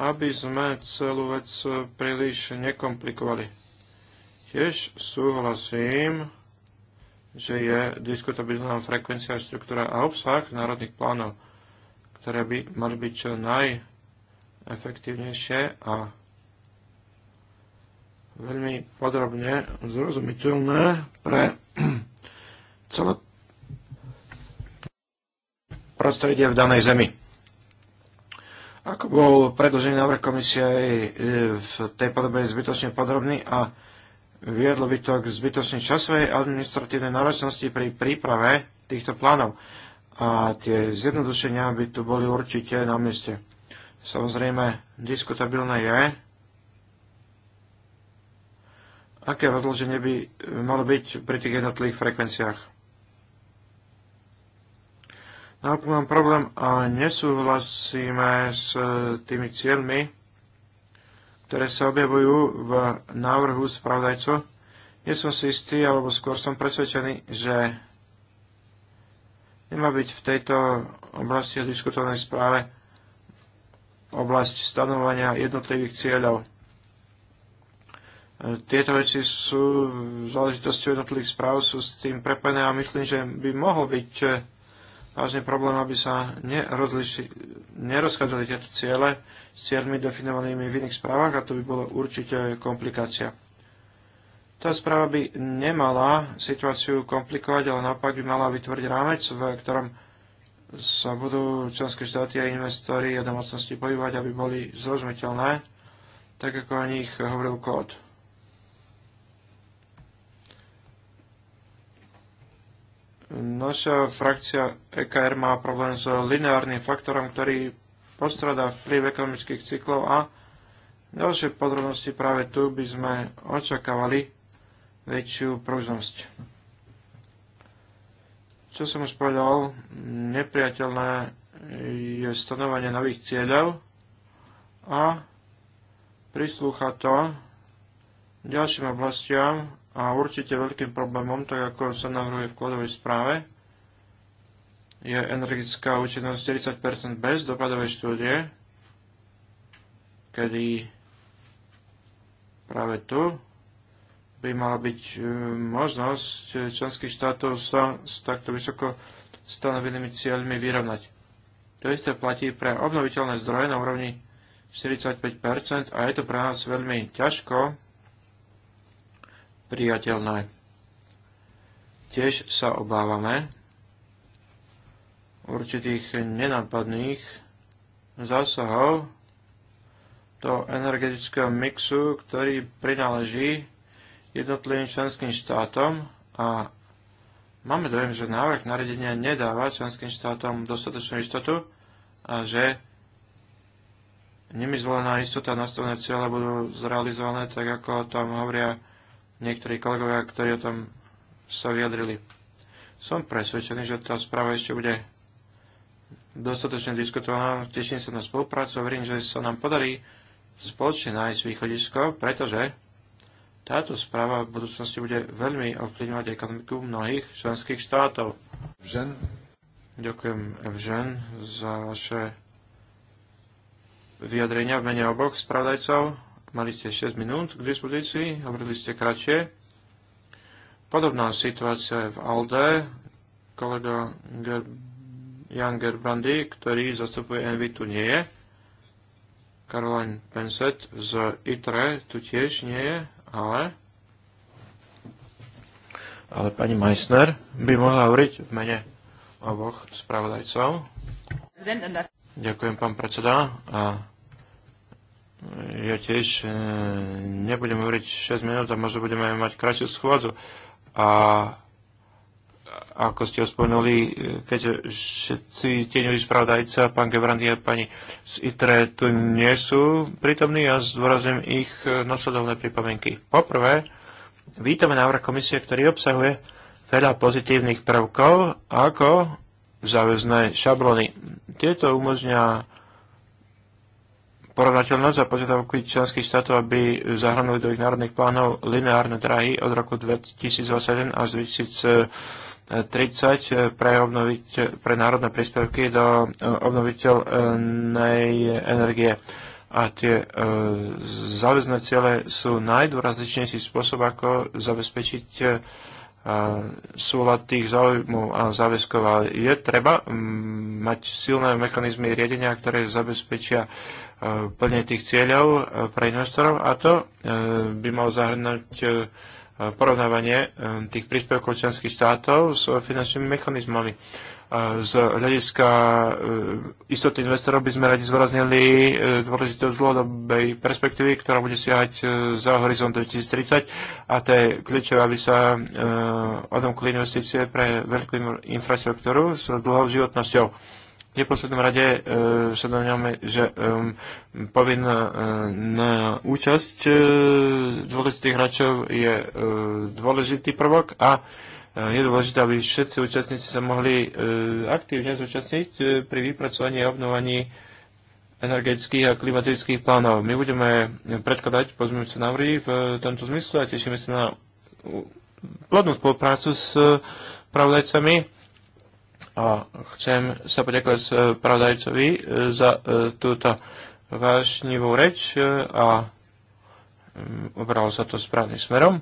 aby sme celú vec príliš nekomplikovali. Tiež súhlasím, že je diskutabilná frekvencia, štruktúra a obsah národných plánov, ktoré by mali byť čo najefektívnejšie a veľmi podrobne zrozumiteľné pre celé prostredia v danej zemi. Ako bol predložený návrh komisie e, v tej podobe zbytočne podrobný a viedlo by to k zbytočnej časovej administratívnej náročnosti pri príprave týchto plánov. A tie zjednodušenia by tu boli určite na mieste. Samozrejme, diskutabilné je, aké rozloženie by malo byť pri tých jednotlivých frekvenciách. Naopak mám problém a nesúhlasíme s e, tými cieľmi, ktoré sa objavujú v návrhu spravodajcu. Nie som si istý, alebo skôr som presvedčený, že nemá byť v tejto oblasti diskutovanej správe oblasť stanovania jednotlivých cieľov. E, tieto veci sú v záležitosti jednotlivých správ sú s tým prepojené a myslím, že by mohol byť e, vážny problém, aby sa nerozchádzali tieto ciele s cieľmi definovanými v iných správach a to by bolo určite komplikácia. Tá správa by nemala situáciu komplikovať, ale naopak by mala vytvoriť rámec, v ktorom sa budú členské štáty a investori a domácnosti pohybovať, aby boli zrozumiteľné, tak ako o nich hovoril Claude. Naša frakcia EKR má problém s lineárnym faktorom, ktorý postradá vplyv ekonomických cyklov a ďalšie podrobnosti práve tu by sme očakávali väčšiu pružnosť. Čo som už povedal, nepriateľné je stanovanie nových cieľov a prislúcha to ďalším oblastiam a určite veľkým problémom, tak ako sa navrhuje v kladovej správe, je energetická účinnosť 40% bez dopadovej štúdie, kedy práve tu by mala byť e, možnosť členských štátov sa s takto vysoko stanovenými cieľmi vyrovnať. To isté platí pre obnoviteľné zdroje na úrovni 45% a je to pre nás veľmi ťažko priateľné. Tiež sa obávame určitých nenápadných zásahov do energetického mixu, ktorý prináleží jednotlivým členským štátom a máme dojem, že návrh nariadenia nedáva členským štátom dostatočnú istotu a že nimi zvolená istota a nastavené cieľe budú zrealizované tak, ako tam hovoria niektorí kolegovia, ktorí o tom sa vyjadrili. Som presvedčený, že tá správa ešte bude dostatočne diskutovaná. Teším sa na spoluprácu a verím, že sa nám podarí spoločne nájsť východisko, pretože táto správa v budúcnosti bude veľmi ovplyvňovať ekonomiku mnohých členských štátov. Evžen. Ďakujem, Evžen, za vaše vyjadrenia v mene oboch spravodajcov. Mali ste 6 minút k dispozícii, hovorili ste kratšie. Podobná situácia je v ALDE. Kolega Ger, Jan Gerbrandy, ktorý zastupuje NV, tu nie je. Caroline Penset z ITRE tu tiež nie je, ale... Ale pani Meissner by mohla hovoriť v mene oboch spravodajcov. Ďakujem, pán predseda. A ja tiež e, nebudem hovoriť 6 minút a možno budeme mať kratšiu schôdzu. A ako ste spomenuli, keďže všetci tieňoví spravodajca, pán Gebrandy a pani z ITRE tu nie sú prítomní, ja zdôrazňujem ich e, nasledovné pripomienky. Poprvé, vítame návrh komisie, ktorý obsahuje veľa pozitívnych prvkov, ako záväzné šablony. Tieto umožňa porovnateľnosť a požiadavky členských štátov, aby zahrnuli do ich národných plánov lineárne drahy od roku 2021 až 2030 eh, pre, obnoviť, eh, pre národné príspevky do eh, obnoviteľnej energie. A tie e, záväzné ciele sú najdôraznejší spôsob, ako zabezpečiť súľad tých záujmov a záväzkov. Ale je treba mm, mať silné mechanizmy riadenia, ktoré zabezpečia plne tých cieľov e, pre investorov a to e, by mal zahrnúť e, porovnávanie tých príspevkov členských štátov s finančnými mechanizmami. Z hľadiska istoty investorov by sme radi zvoraznili dôležitosť dlhodobej perspektívy, ktorá bude siahať za horizont 2030 a to je kľúčové, aby sa odomkli investície pre veľkú infraštruktúru s dlhou životnosťou v neposlednom rade e, sa domňame, že e, povinná e, na účasť e, dôležitých hráčov je e, dôležitý prvok a e, je dôležité, aby všetci účastníci sa mohli e, aktívne zúčastniť e, pri vypracovaní a obnovaní energetických a klimatických plánov. My budeme predkladať pozmeňujúce návrhy v e, tomto zmysle a tešíme sa na plodnú spoluprácu s e, pravodajcami a chcem sa poďakovať pravdajcovi e, za e, túto vášnivú reč e, a obralo mm, sa to správnym smerom.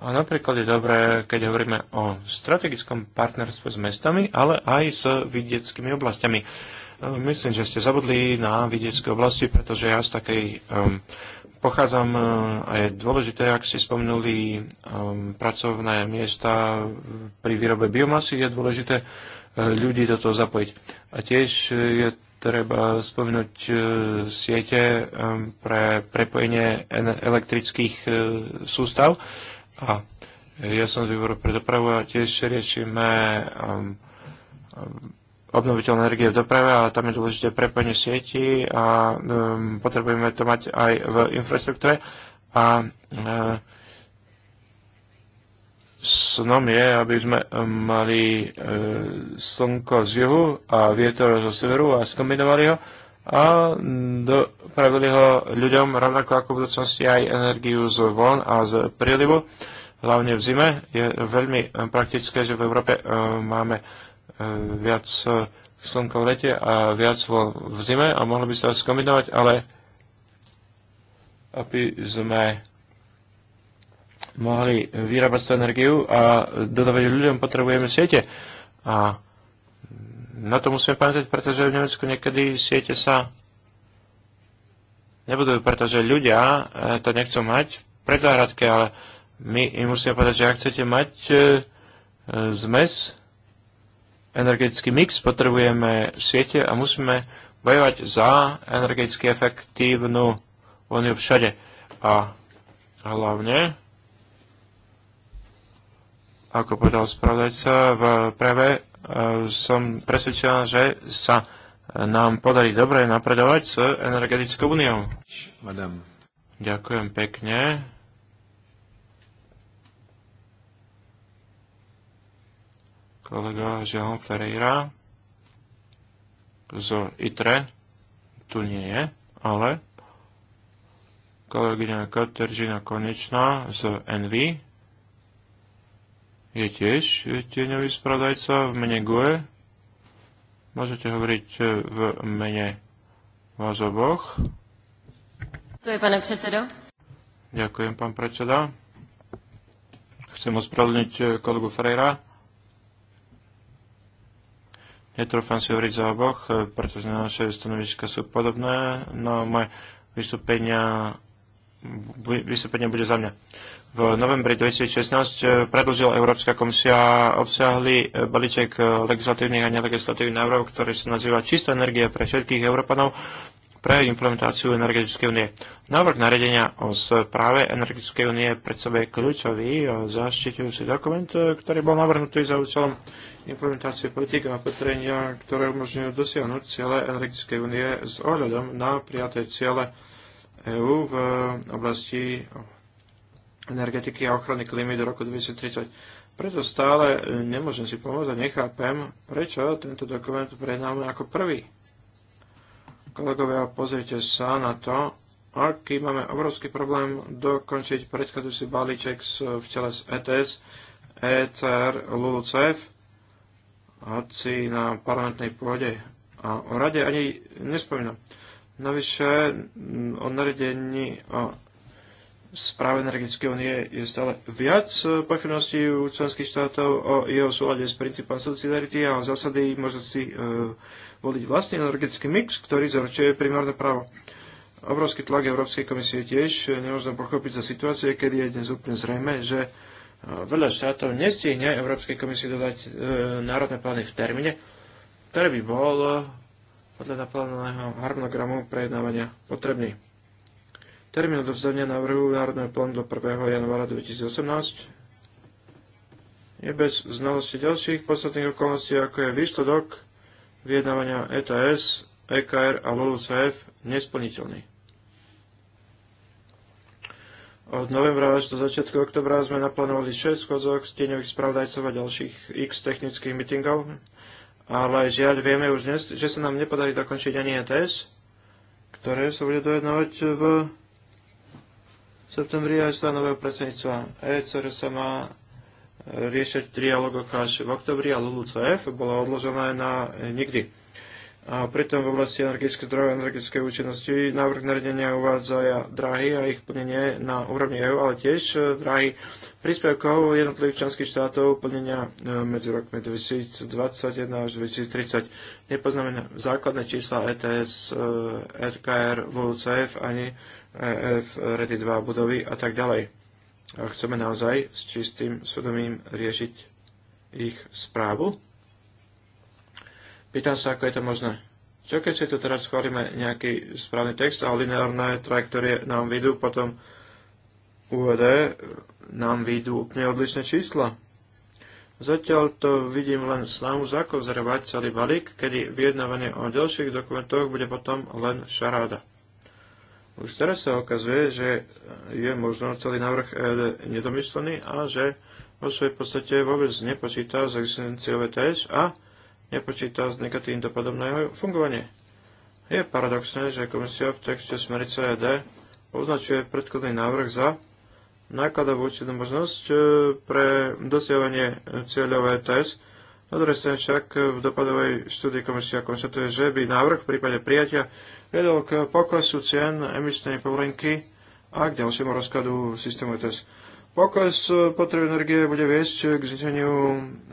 A napríklad je dobré, keď hovoríme o strategickom partnerstve s mestami, ale aj s vidieckými oblastiami. Myslím, že ste zabudli na vidiecké oblasti, pretože ja z takej um, pochádzam a je dôležité, ak ste spomenuli um, pracovné miesta pri výrobe biomasy, je dôležité ľudí do toho zapojiť. A tiež e, je treba spomenúť e, siete e, pre prepojenie elektrických sústav. A ja som z výboru pre dopravu a tiež riešime um, um, obnoviteľné energie v doprave a tam je dôležité prepojenie sieti a um, potrebujeme to mať aj v infraštruktúre. A snom je, aby sme eh, mali e, slnko z juhu a vietor zo severu a skombinovali ho a dopravili ho ľuďom rovnako ako v budúcnosti aj energiu z von a z prílivu, hlavne v zime. Je veľmi eh, praktické, že v Európe e, máme e, viac slnka v lete a viac vo, v zime a mohlo by sa skombinovať, ale aby sme mohli vyrábať tú energiu a dodávať ľuďom potrebujeme siete. A na to musíme pamätať, pretože v Nemecku niekedy siete sa nebudú, pretože ľudia eh, to nechcú mať v predzáhradke, ale my im musíme povedať, že ak chcete mať eh, zmes, energetický mix, potrebujeme siete a musíme bojovať za energeticky efektívnu úniu všade. A hlavne ako povedal spravodajca v preve, e, som presvedčená, že sa nám podarí dobre napredovať s energetickou úniou. Ďakujem pekne. Kolega Jean Ferreira z ITRE tu nie je, ale kolegyňa Kateržina Konečná z NV je tiež tieňový spravodajca v mene GUE. Môžete hovoriť e, v mene vás oboch. Ďakujem, pane predsedo. Ďakujem, pán predseda. Chcem ospravedlniť e, kolegu Freira. Netrofám si hovoriť za oboch, e, pretože naše stanoviska sú podobné, no moje vystúpenia, vystúpenie bude za mňa v novembri 2016 eh, predložila Európska komisia obsiahli eh, balíček eh, legislatívnych a nelegislatívnych návrhov, ktorý sa nazýva Čistá energia pre všetkých Európanov pre implementáciu energetickej únie. Návrh naredenia o správe energetickej únie pred sebe kľúčový a zaštitujúci dokument, ktorý bol navrhnutý za účelom implementácie politik a opatrenia, ktoré umožňujú dosiahnuť ciele energetickej únie s ohľadom na prijaté ciele EÚ v oblasti energetiky a ochrany klímy do roku 2030. Preto stále e, nemôžem si pomôcť a nechápem, prečo tento dokument prednáme ako prvý. Kolegovia, pozrite sa na to, aký máme obrovský problém dokončiť predchádzajúci balíček v čele s ETS, ECR, LULUCF, hoci na parlamentnej pôde. A o rade ani nespomínam. Navyše o naredení o správe energetickej únie je stále viac eh, pochybností u členských štátov o jeho súlade s princípom subsidiarity a o zásady možnosti e, voliť vlastný energetický mix, ktorý zaručuje primárne právo. Obrovský tlak Európskej komisie tiež eh, nemôžno pochopiť za situácie, kedy je dnes úplne zrejme, že veľa štátov nestihne Európskej komisie dodať e, národné plány v termíne, ktorý by bol podľa naplánovaného harmonogramu prejednávania potrebný. Termín odovzdania návrhu Národného plánu do 1. januára 2018 je bez znalosti ďalších podstatných okolností, ako je výsledok vyjednávania ETS, EKR a LULUCF nesplniteľný. Od novembra až do začiatku oktobra sme naplánovali 6 schôdzok tieňových spravodajcov a ďalších x technických meetingov, ale žiaľ vieme už dnes, že sa nám nepodarí dokončiť ani ETS, ktoré sa bude dojednávať v v septembri až za nového predsedníctva ECR sa má e, riešiť trialogok až v oktobri a F bola odložená na e, nikdy. A pritom v oblasti energetické zdroje a energetickej účinnosti návrh nariadenia uvádza drahy a ich plnenie na úrovni EU, ale tiež e, drahy príspevkov jednotlivých členských štátov plnenia medzi rokmi 2021 až 2030. Nepoznamená základné čísla ETS, RKR, VUCF ani EF, e Redy 2 budovy a tak ďalej. A chceme naozaj s čistým svedomím riešiť ich správu? Pýtam sa, ako je to možné. Čo keď si tu teraz schválime nejaký správny text a lineárne trajektórie nám vyjdú, potom UVD e nám vyjdú úplne odlišné čísla. Zatiaľ to vidím len snahu zakozrevať celý balík, kedy vyjednávanie o ďalších dokumentoch bude potom len šaráda. Už teraz sa okazuje, že je možno celý návrh nedomyslený a že vo svojej podstate vôbec nepočíta s existenciou ETS a nepočíta s negatívnym dopadom na jeho fungovanie. Je paradoxné, že komisia v texte Smerice ED označuje predkladný návrh za nákladovú účinnú možnosť e, pre dosiahovanie cieľov ETS na druhej strane však v dopadovej štúdii komisia konštatuje, že by návrh v prípade prijatia vedol k poklesu cien emisnej povolenky a k ďalšiemu rozkladu systému ETS. Pokles potreby energie bude viesť k zniženiu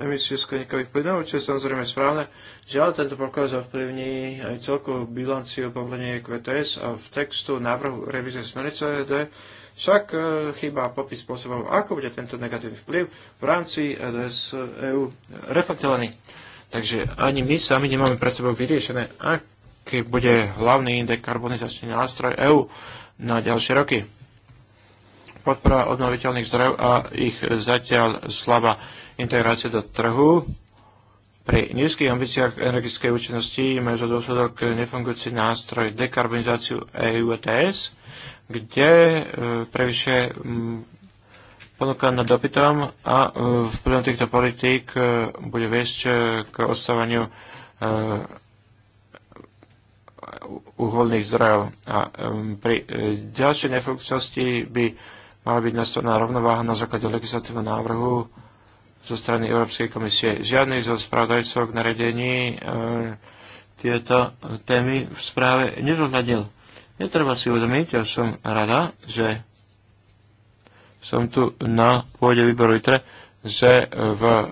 emisí skleníkových plynov, čo je samozrejme správne. Žiaľ, tento pokles ovplyvní aj celkovú bilanciu povolenie QTS a v textu návrhu revízie smernice ED však e, chýba popis spôsobom, ako bude tento negatívny vplyv v rámci EDS EU e e, reflektovaný. Takže ani my sami nemáme pred sebou vyriešené, aký bude hlavný dekarbonizačný nástroj EÚ na ďalšie roky. Podpora obnoviteľných zdrojov a ich zatiaľ slabá integrácia do trhu pri nízkych ambíciách energetickej účinnosti majú za dôsledok nefungujúci nástroj dekarbonizáciu EU ETS, kde e, prevyše mm, ponúka nad dopytom a e, vplyvom týchto politík e, bude viesť k odstávaniu uholných zdrojov. A pri ďalšej nefunkčnosti by mala byť nastavená rovnováha na základe legislatívneho návrhu zo strany Európskej komisie. Žiadny zo spravodajcov k naredení e, tieto témy v správe nezohľadil. Netreba si uvedomiť, ja som rada, že som tu na pôde výboru ITRE, že v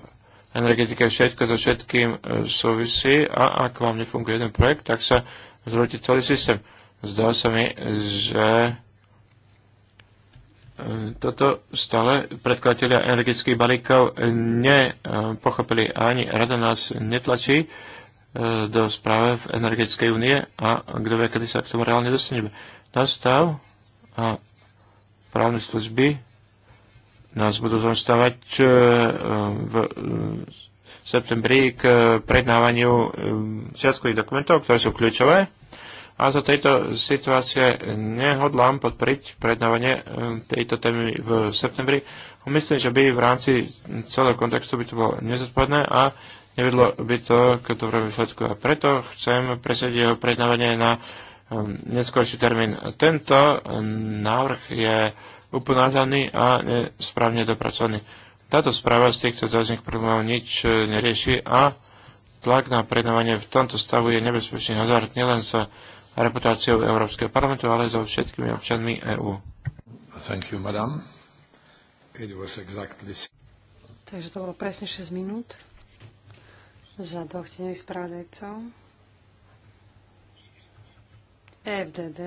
energetike všetko so všetkým e, súvisí a ak vám nefunguje jeden projekt, tak sa zrúti celý systém. Zdá sa mi, že toto stále predkladateľia energetických balíkov nepochopili ani rada nás netlačí e, do správe v energetickej únie a kto vie, kedy sa k tomu reálne dostaneme. Nastav stav a právne služby nás budú zostávať e, e, v septembri k prednávaniu všetkých dokumentov, ktoré sú kľúčové a za tejto situácie nehodlám podporiť prednávanie e, tejto témy v septembri. Myslím, že by v rámci celého kontextu by to bolo nezodpovedné a nevedlo by to k dobrému výsledku. A preto chcem presediť jeho prednávanie na e, neskôrší termín. Tento e, návrh je uponáhľaný a správne dopracovaný. Táto správa z týchto zážných problémov nič nerieši a tlak na prednávanie v tomto stavu je nebezpečný hazard nielen sa reputáciou Európskeho parlamentu, ale so všetkými občanmi EÚ. Thank you, madam. It was exactly... Takže to bolo presne 6 minút za dvoch tenových spravodajcov. E FDD,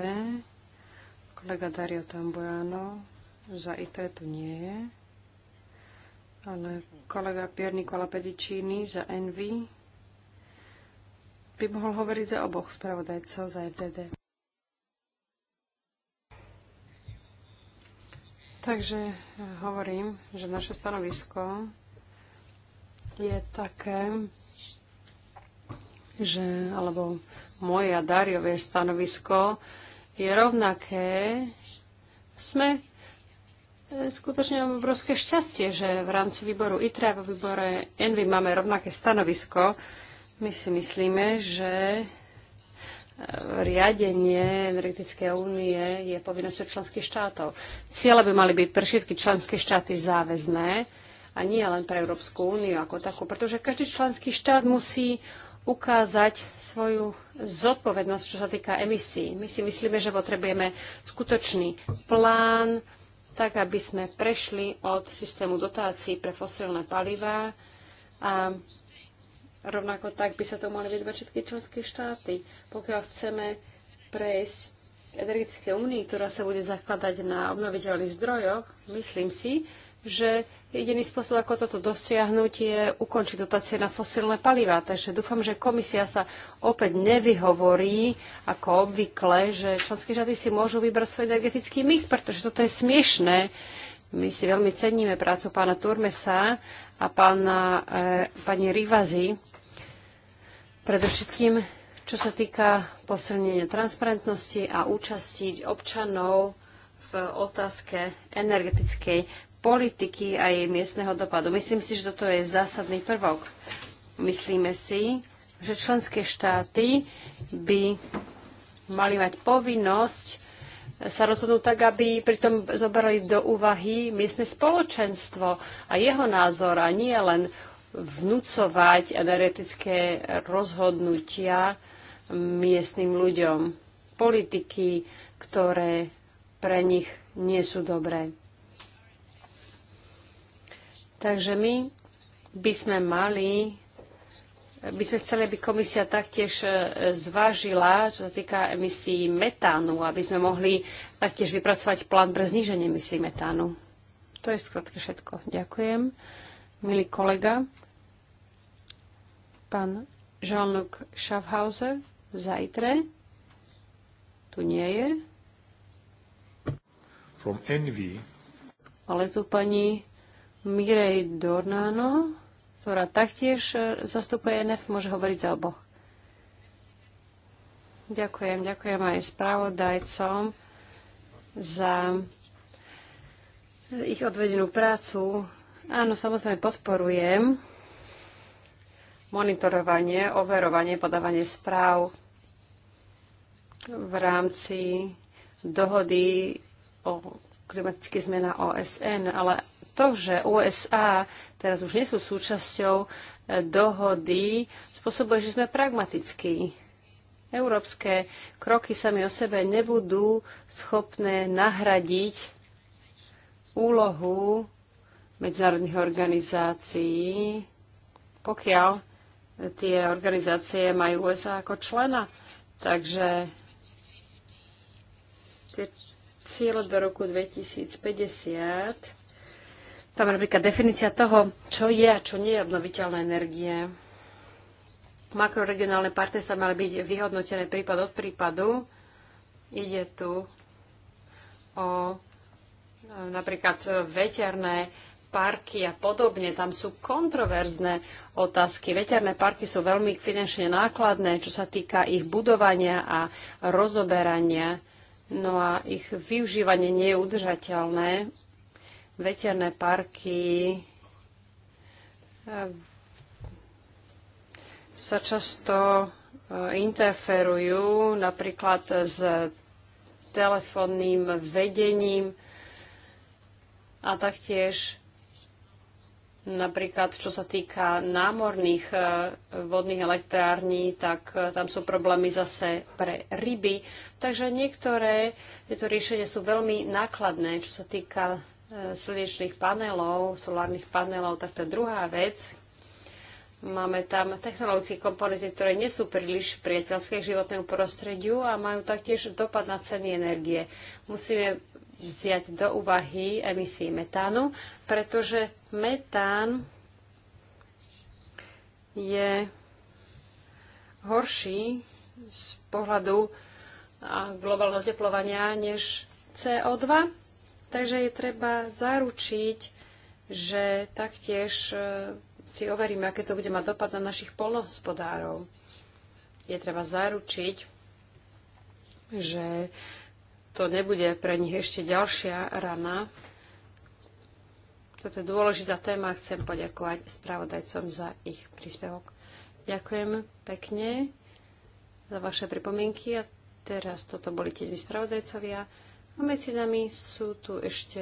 kolega Dario Tambojano, za IT tu nie je, ale kolega Pier Nicola Pedicini za Envy by mohol hovoriť za oboch spravodajcov za FDD. Takže eh, hovorím, že naše stanovisko je také, že, alebo moje a Dariové stanovisko je rovnaké. Sme eh, skutočne mám obrovské šťastie, že v rámci výboru ITRE a výbore ENVY máme rovnaké stanovisko, my si myslíme, že e, riadenie energetickej únie je povinnosťou členských štátov. Ciele by mali byť pre všetky členské štáty záväzné a nie len pre Európsku úniu ako takú, pretože každý členský štát musí ukázať svoju zodpovednosť, čo sa týka emisí. My si myslíme, že potrebujeme skutočný plán, tak aby sme prešli od systému dotácií pre fosilné palivá a Rovnako tak by sa to mali vydvať všetky členské štáty. Pokiaľ chceme prejsť k energetickej únii, ktorá sa bude zakladať na obnoviteľných zdrojoch, myslím si, že jediný spôsob, ako toto dosiahnuť, je ukončiť dotácie na fosílne palivá. Takže dúfam, že komisia sa opäť nevyhovorí, ako obvykle, že členské štáty si môžu vybrať svoj energetický mix, pretože toto je smiešné. My si veľmi ceníme prácu pána Turmesa a pána, e, pani Rivazi. Predovšetkým, čo sa týka posilnenia transparentnosti a účasti občanov v otázke energetickej politiky a jej miestneho dopadu. Myslím si, že toto je zásadný prvok. Myslíme si, že členské štáty by mali mať povinnosť sa rozhodnú tak, aby pritom zobrali do úvahy miestne spoločenstvo a jeho názor a nie len vnúcovať energetické rozhodnutia miestnym ľuďom. Politiky, ktoré pre nich nie sú dobré. Takže my by sme mali by sme chceli, aby komisia taktiež e, zvážila, čo sa týka emisí metánu, aby sme mohli taktiež vypracovať plán pre zníženie emisí metánu. To je skrátke všetko. Ďakujem. Milý kolega, pán Jean-Luc Schaffhauser, zajtre. Tu nie je. From Envy. Ale tu pani Mirej Dornano ktorá taktiež e, zastupuje NF, môže hovoriť za oboch. Ďakujem, ďakujem aj spravodajcom za ich odvedenú prácu. Áno, samozrejme podporujem monitorovanie, overovanie, podávanie správ v rámci dohody o klimatických zmenách OSN, ale to, že USA teraz už nie sú súčasťou eh, dohody, spôsobuje, že sme pragmatickí. Európske kroky sami o sebe nebudú schopné nahradiť úlohu medzinárodných organizácií, pokiaľ tie organizácie majú USA ako člena. Takže tie cieľe do roku 2050 tam napríklad definícia toho, čo je a čo nie je obnoviteľná energie. Makroregionálne sa mali byť vyhodnotené prípad od prípadu. Ide tu o e, napríklad e, veterné parky a podobne. Tam sú kontroverzné otázky. Veterné parky sú veľmi finančne nákladné, čo sa týka ich budovania a rozoberania. No a ich využívanie nie je udržateľné veterné parky sa často e, interferujú napríklad s telefónnym vedením a taktiež napríklad čo sa týka námorných e, vodných elektrární, tak e, tam sú problémy zase pre ryby. Takže niektoré tieto riešenia sú veľmi nákladné, čo sa týka E, slnečných panelov, solárnych panelov, tak to je druhá vec. Máme tam technologické komponenty, ktoré nie sú príliš priateľské k životnému prostrediu a majú taktiež dopad na ceny energie. Musíme vziať do úvahy emisie metánu, pretože metán je horší z pohľadu globálneho teplovania než CO2 Takže je treba zaručiť, že taktiež e, si overíme, aké to bude mať dopad na našich polnohospodárov. Je treba zaručiť, že to nebude pre nich ešte ďalšia rana. Toto je dôležitá téma a chcem poďakovať spravodajcom za ich príspevok. Ďakujem pekne za vaše pripomienky a teraz toto boli tie spravodajcovia. A no, medzi nami sú tu ešte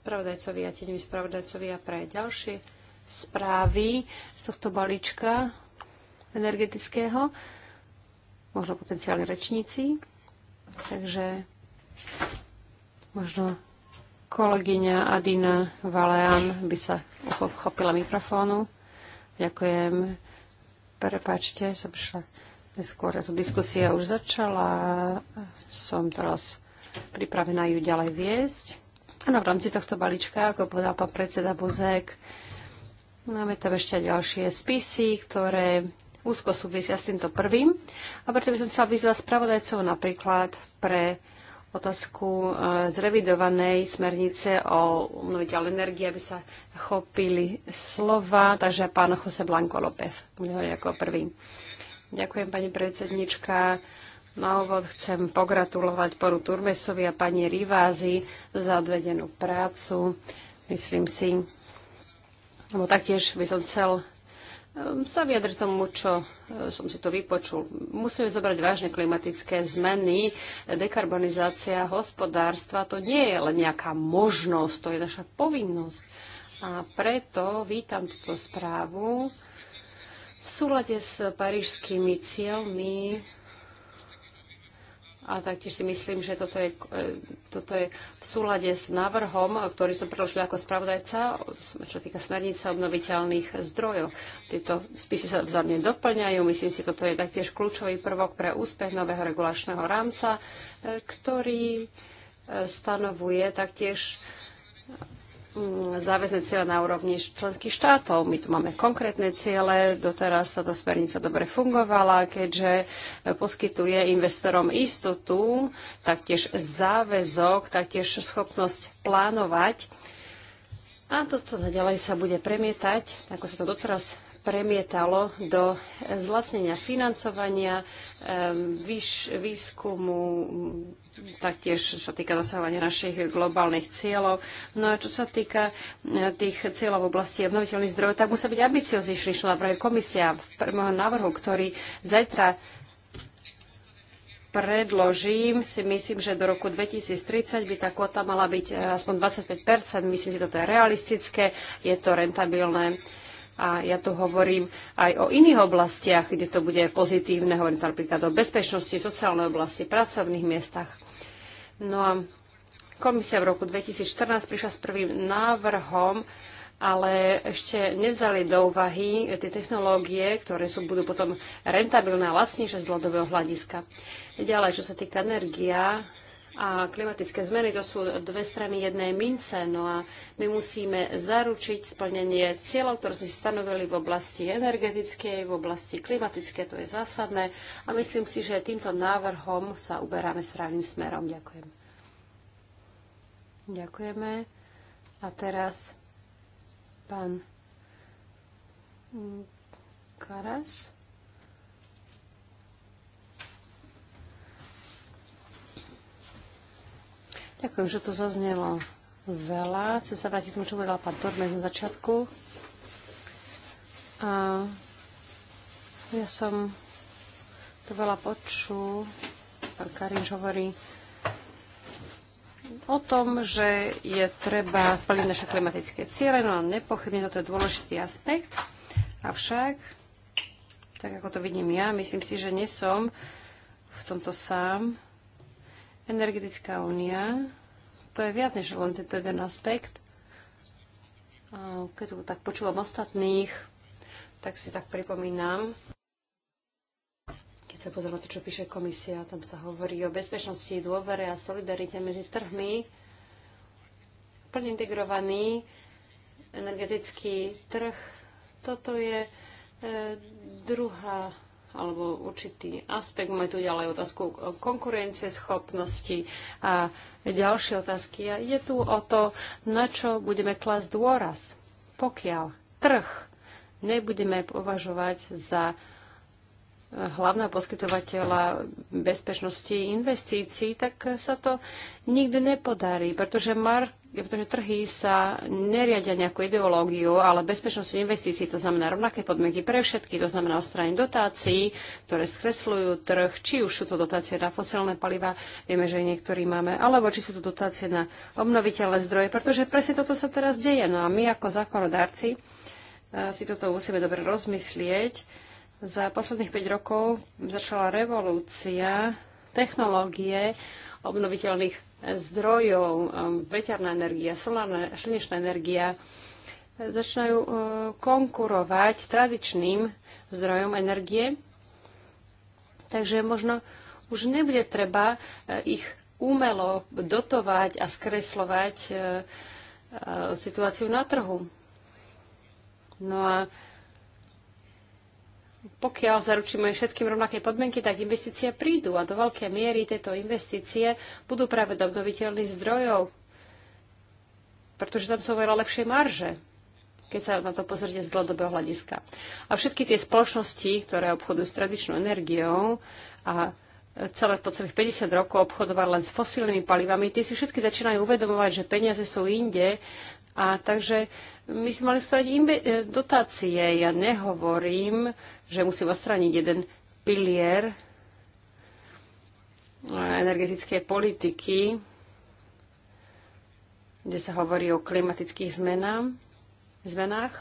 spravodajcovia, tieňmi spravodajcovia pre ďalšie správy z tohto balíčka energetického, možno potenciálne rečníci. Takže možno kolegyňa Adina Valean by sa chopila mikrofónu. Ďakujem. Prepačte, som prišla neskôr. Tu diskusia už začala. Som teraz pripravená ju ďalej viesť. Áno, v rámci tohto balíčka, ako povedal pán predseda Bozek, máme tam ešte ďalšie spisy, ktoré úzko súvisia s týmto prvým. A preto by som chcela vyzvať spravodajcov napríklad pre otázku eh, zrevidovanej smernice o obnoviteľnej energii, aby sa chopili slova. Takže pán Jose Blanco López, ako prvý. Ďakujem, pani predsednička. Na úvod chcem pogratulovať poru Turmesovi a pani Rivázi za odvedenú prácu. Myslím si, lebo taktiež by som chcel ehm, sa vyjadriť tomu, čo e, som si to vypočul. Musíme zobrať vážne klimatické zmeny. Dekarbonizácia hospodárstva to nie je len nejaká možnosť, to je naša povinnosť. A preto vítam túto správu. V súlade s parížskými cieľmi a taktiež si myslím, že toto je, e, toto je v súlade s návrhom, ktorý som predložil ako spravodajca, čo týka smernice obnoviteľných zdrojov. Tieto spisy sa vzájomne doplňajú. Myslím si, toto je taktiež kľúčový prvok pre úspech nového regulačného rámca, e, ktorý e, stanovuje taktiež Mm, záväzne cieľe na úrovni členských štátov. My tu máme konkrétne ciele, doteraz táto smernica dobre fungovala, keďže e, poskytuje investorom istotu, taktiež záväzok, taktiež schopnosť plánovať. A toto naďalej sa bude premietať, ako sa to doteraz premietalo do zlacnenia financovania, výš, výskumu, taktiež čo sa týka dosahovania našich globálnych cieľov. No a čo sa týka e, tých cieľov v oblasti obnoviteľných zdrojov, tak musí byť ambicioznejší, šla práve komisia v môjho návrhu, ktorý zajtra predložím, si myslím, že do roku 2030 by tá kvota mala byť e, aspoň 25 Myslím si, že toto je realistické, je to rentabilné. A ja tu hovorím aj o iných oblastiach, kde to bude pozitívne. Hovorím napríklad o bezpečnosti, sociálnej oblasti, pracovných miestach. No a komisia v roku 2014 prišla s prvým návrhom, ale ešte nevzali do úvahy tie technológie, ktoré sú, budú potom rentabilné a lacnejšie z dlhodobého hľadiska. Ďalej, čo sa týka energia, a klimatické zmeny to sú dve strany jednej mince. No a my musíme zaručiť splnenie cieľov, ktoré sme si stanovili v oblasti energetickej, v oblasti klimatické, to je zásadné. A myslím si, že týmto návrhom sa uberáme správnym smerom. Ďakujem. Ďakujeme. A teraz pán Karas. Ďakujem, že to zaznelo veľa. Chcem sa vrátiť k tomu, čo povedal pán Tormes na začiatku. A ja som to veľa počul. Pán Karinš hovorí o tom, že je treba plniť naše klimatické ciele, no a nepochybne toto je dôležitý aspekt. Avšak, tak ako to vidím ja, myslím si, že nesom v tomto sám. Energetická únia, to je viac než len tento jeden aspekt. A keď to tak počúvam ostatných, tak si tak pripomínam, keď sa pozriem na to, čo píše komisia, tam sa hovorí o bezpečnosti, dôvere a solidarite medzi trhmi. Plne integrovaný energetický trh, toto je e, druhá alebo určitý aspekt. Máme tu ďalej otázku konkurencie, schopnosti a ďalšie otázky. A je tu o to, na čo budeme klasť dôraz. Pokiaľ trh nebudeme považovať za hlavná poskytovateľa bezpečnosti investícií, tak sa to nikdy nepodarí, pretože mar- pretože trhy sa neriadia nejakú ideológiu, ale bezpečnosť investícií, to znamená rovnaké podmienky pre všetky, to znamená ostranie dotácií, ktoré skresľujú trh, či už sú to dotácie na fosilné paliva, vieme, že niektorí máme, alebo či sú to dotácie na obnoviteľné zdroje, pretože presne toto sa teraz deje. No a my ako zákonodárci e, si toto musíme dobre rozmyslieť. Za posledných 5 rokov začala revolúcia technológie, obnoviteľných zdrojov, um, veterná energia, solárna, slnečná energia e, začínajú e, konkurovať tradičným zdrojom energie. Takže možno už nebude treba e, ich umelo dotovať a skreslovať situáciu na trhu. No a pokiaľ zaručíme všetkým rovnaké podmienky, tak investície prídu a do veľkej miery tieto investície budú práve do obnoviteľných zdrojov, pretože tam sú veľa lepšie marže keď sa na to pozrite z dlhodobého hľadiska. A všetky tie spoločnosti, ktoré obchodujú s tradičnou energiou a celé po celých 50 rokov obchodovať len s fosílnymi palivami, tie si všetky začínajú uvedomovať, že peniaze sú inde a takže my sme mali strať e, dotácie. Ja nehovorím, že musím odstrániť jeden pilier e, energetickej politiky, kde sa hovorí o klimatických zmenách, zmenách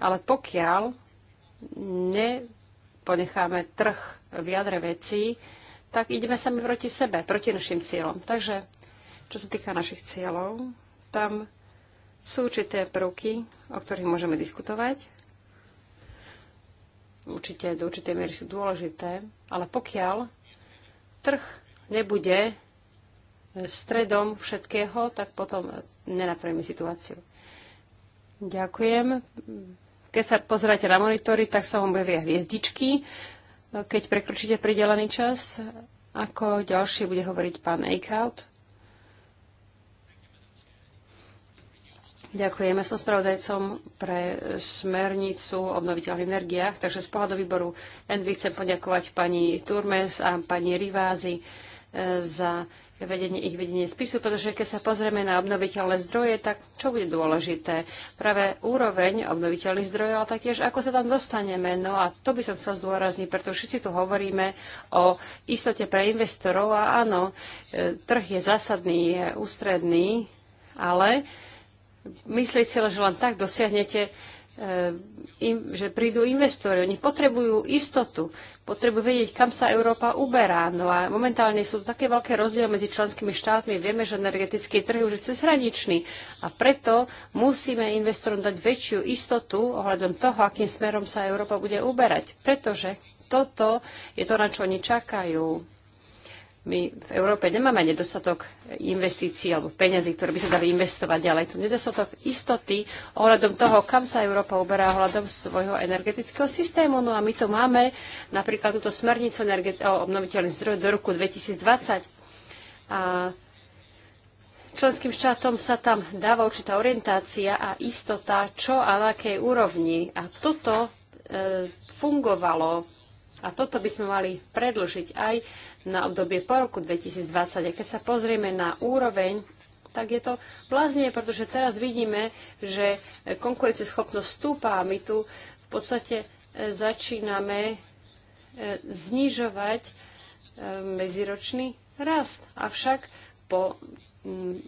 ale pokiaľ neponecháme trh v jadre veci, tak ideme sami proti sebe, proti našim cieľom. Takže, čo sa týka našich cieľov, tam sú určité prvky, o ktorých môžeme diskutovať. Určite do určitej miery sú dôležité, ale pokiaľ trh nebude stredom všetkého, tak potom nenapravíme situáciu. Ďakujem. Keď sa pozeráte na monitory, tak sa vám objavia hviezdičky, keď prekročíte pridelený čas. Ako ďalší bude hovoriť pán Eichhout. Ďakujeme som spravodajcom pre smernicu o obnoviteľných energiách, takže z pohľadu výboru Envy chcem poďakovať pani Turmes a pani Rivázy e, za vedenie, ich vedenie spisu, pretože keď sa pozrieme na obnoviteľné zdroje, tak čo bude dôležité? Práve úroveň obnoviteľných zdrojov, ale taktiež ako sa tam dostaneme. No a to by som chcel zdôrazniť, pretože všetci tu hovoríme o istote pre investorov a áno, e, trh je zásadný, je ústredný, ale myslieť si, že len tak dosiahnete, e, že prídu investori. Oni potrebujú istotu, potrebujú vedieť, kam sa Európa uberá. No a momentálne sú také veľké rozdiely medzi členskými štátmi. Vieme, že energetický trh už je cezhraničný a preto musíme investorom dať väčšiu istotu ohľadom toho, akým smerom sa Európa bude uberať. Pretože toto je to, na čo oni čakajú my v Európe nemáme nedostatok investícií alebo peňazí, ktoré by sa dali investovať ďalej. Tu nedostatok istoty ohľadom toho, kam sa Európa uberá ohľadom svojho energetického systému. No a my tu máme napríklad túto smernicu o obnoviteľných zdrojov do roku 2020. A členským štátom sa tam dáva určitá orientácia a istota, čo a na akej úrovni. A toto e, fungovalo a toto by sme mali predlžiť aj na obdobie po roku 2020. A keď sa pozrieme na úroveň, tak je to bláznie, pretože teraz vidíme, že konkurencieschopnosť stúpa a my tu v podstate e, začíname e, znižovať e, medziročný rast. Avšak po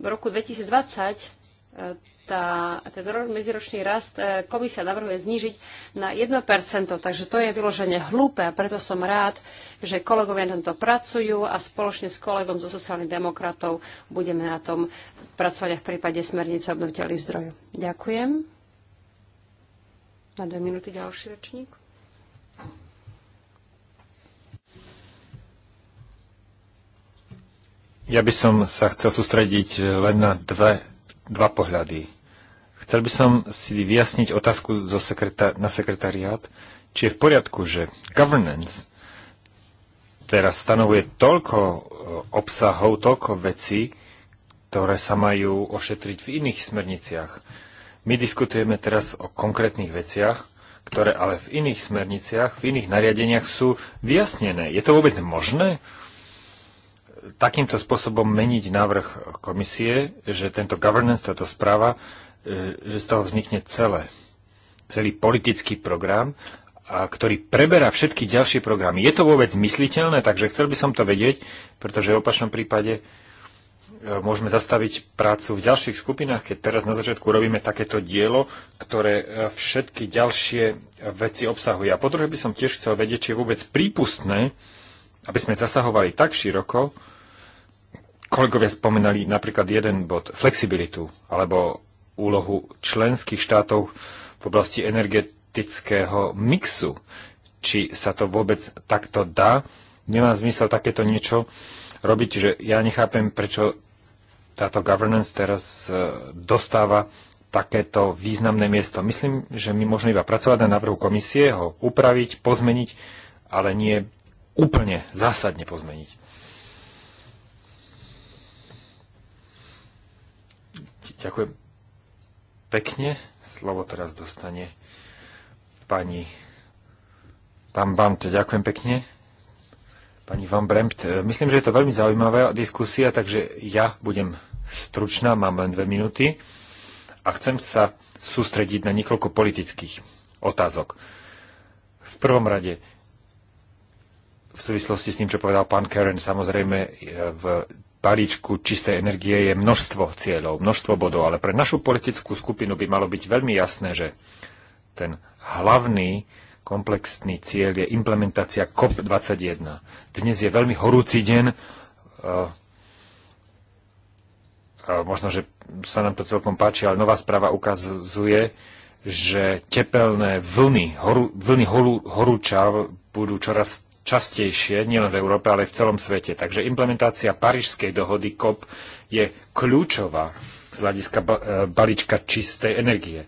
roku 2020 tá, ten medziročný rast e, komisia navrhuje znížiť na 1%, takže to je vyloženie hlúpe a preto som rád, že kolegovia na to pracujú a spoločne s kolegom zo sociálnych demokratov budeme na tom pracovať aj v prípade smernice obnoviteľných zdrojov. Ďakujem. Na dve minúty ďalší rečník. Ja by som sa chcel sústrediť len na dve, dva pohľady. Chcel by som si vyjasniť otázku zo sekretá- na sekretariát, či je v poriadku, že governance teraz stanovuje toľko e, obsahov, toľko vecí, ktoré sa majú ošetriť v iných smerniciach. My diskutujeme teraz o konkrétnych veciach, ktoré ale v iných smerniciach, v iných nariadeniach sú vyjasnené. Je to vôbec možné takýmto spôsobom meniť návrh komisie, že tento governance, táto správa E, že z toho vznikne celé, celý politický program, a ktorý preberá všetky ďalšie programy. Je to vôbec mysliteľné? Takže chcel by som to vedieť, pretože v opačnom prípade e, môžeme zastaviť prácu v ďalších skupinách, keď teraz na začiatku robíme takéto dielo, ktoré e, všetky ďalšie veci obsahuje. A po by som tiež chcel vedieť, či je vôbec prípustné, aby sme zasahovali tak široko, kolegovia spomenali napríklad jeden bod, flexibilitu, alebo úlohu členských štátov v oblasti energetického mixu. Či sa to vôbec takto dá? Nemá zmysel takéto niečo robiť, že ja nechápem, prečo táto governance teraz e, dostáva takéto významné miesto. Myslím, že my môžeme iba pracovať na návrhu komisie, ho upraviť, pozmeniť, ale nie úplne zásadne pozmeniť. Ďakujem pekne. Slovo teraz dostane pani Pán Bamt, ďakujem pekne. Pani Van Bremt, e, myslím, že je to veľmi zaujímavá diskusia, takže ja budem stručná, mám len dve minúty a chcem sa sústrediť na niekoľko politických otázok. V prvom rade, v súvislosti s tým, čo povedal pán Karen, samozrejme e, v balíčku čistej energie je množstvo cieľov, množstvo bodov, ale pre našu politickú skupinu by malo byť veľmi jasné, že ten hlavný komplexný cieľ je implementácia COP21. Dnes je veľmi horúci deň. E, e, možno, že sa nám to celkom páči, ale nová správa ukazuje, že tepelné vlny, horu, vlny horúča budú čoraz častejšie, nielen v Európe, ale v celom svete. Takže implementácia Parížskej dohody COP je kľúčová z hľadiska e, balíčka čistej energie.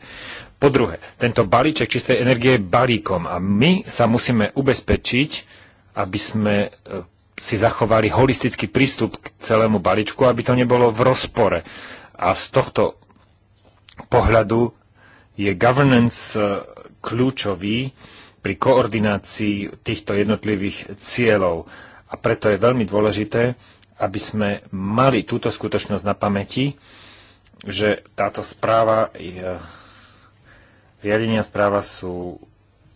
Po druhé, tento balíček čistej energie je balíkom a my sa musíme ubezpečiť, aby sme e, si zachovali holistický prístup k celému balíčku, aby to nebolo v rozpore. A z tohto pohľadu je governance e, kľúčový, pri koordinácii týchto jednotlivých cieľov. A preto je veľmi dôležité, aby sme mali túto skutočnosť na pamäti, že táto správa, e, riadenia správa sú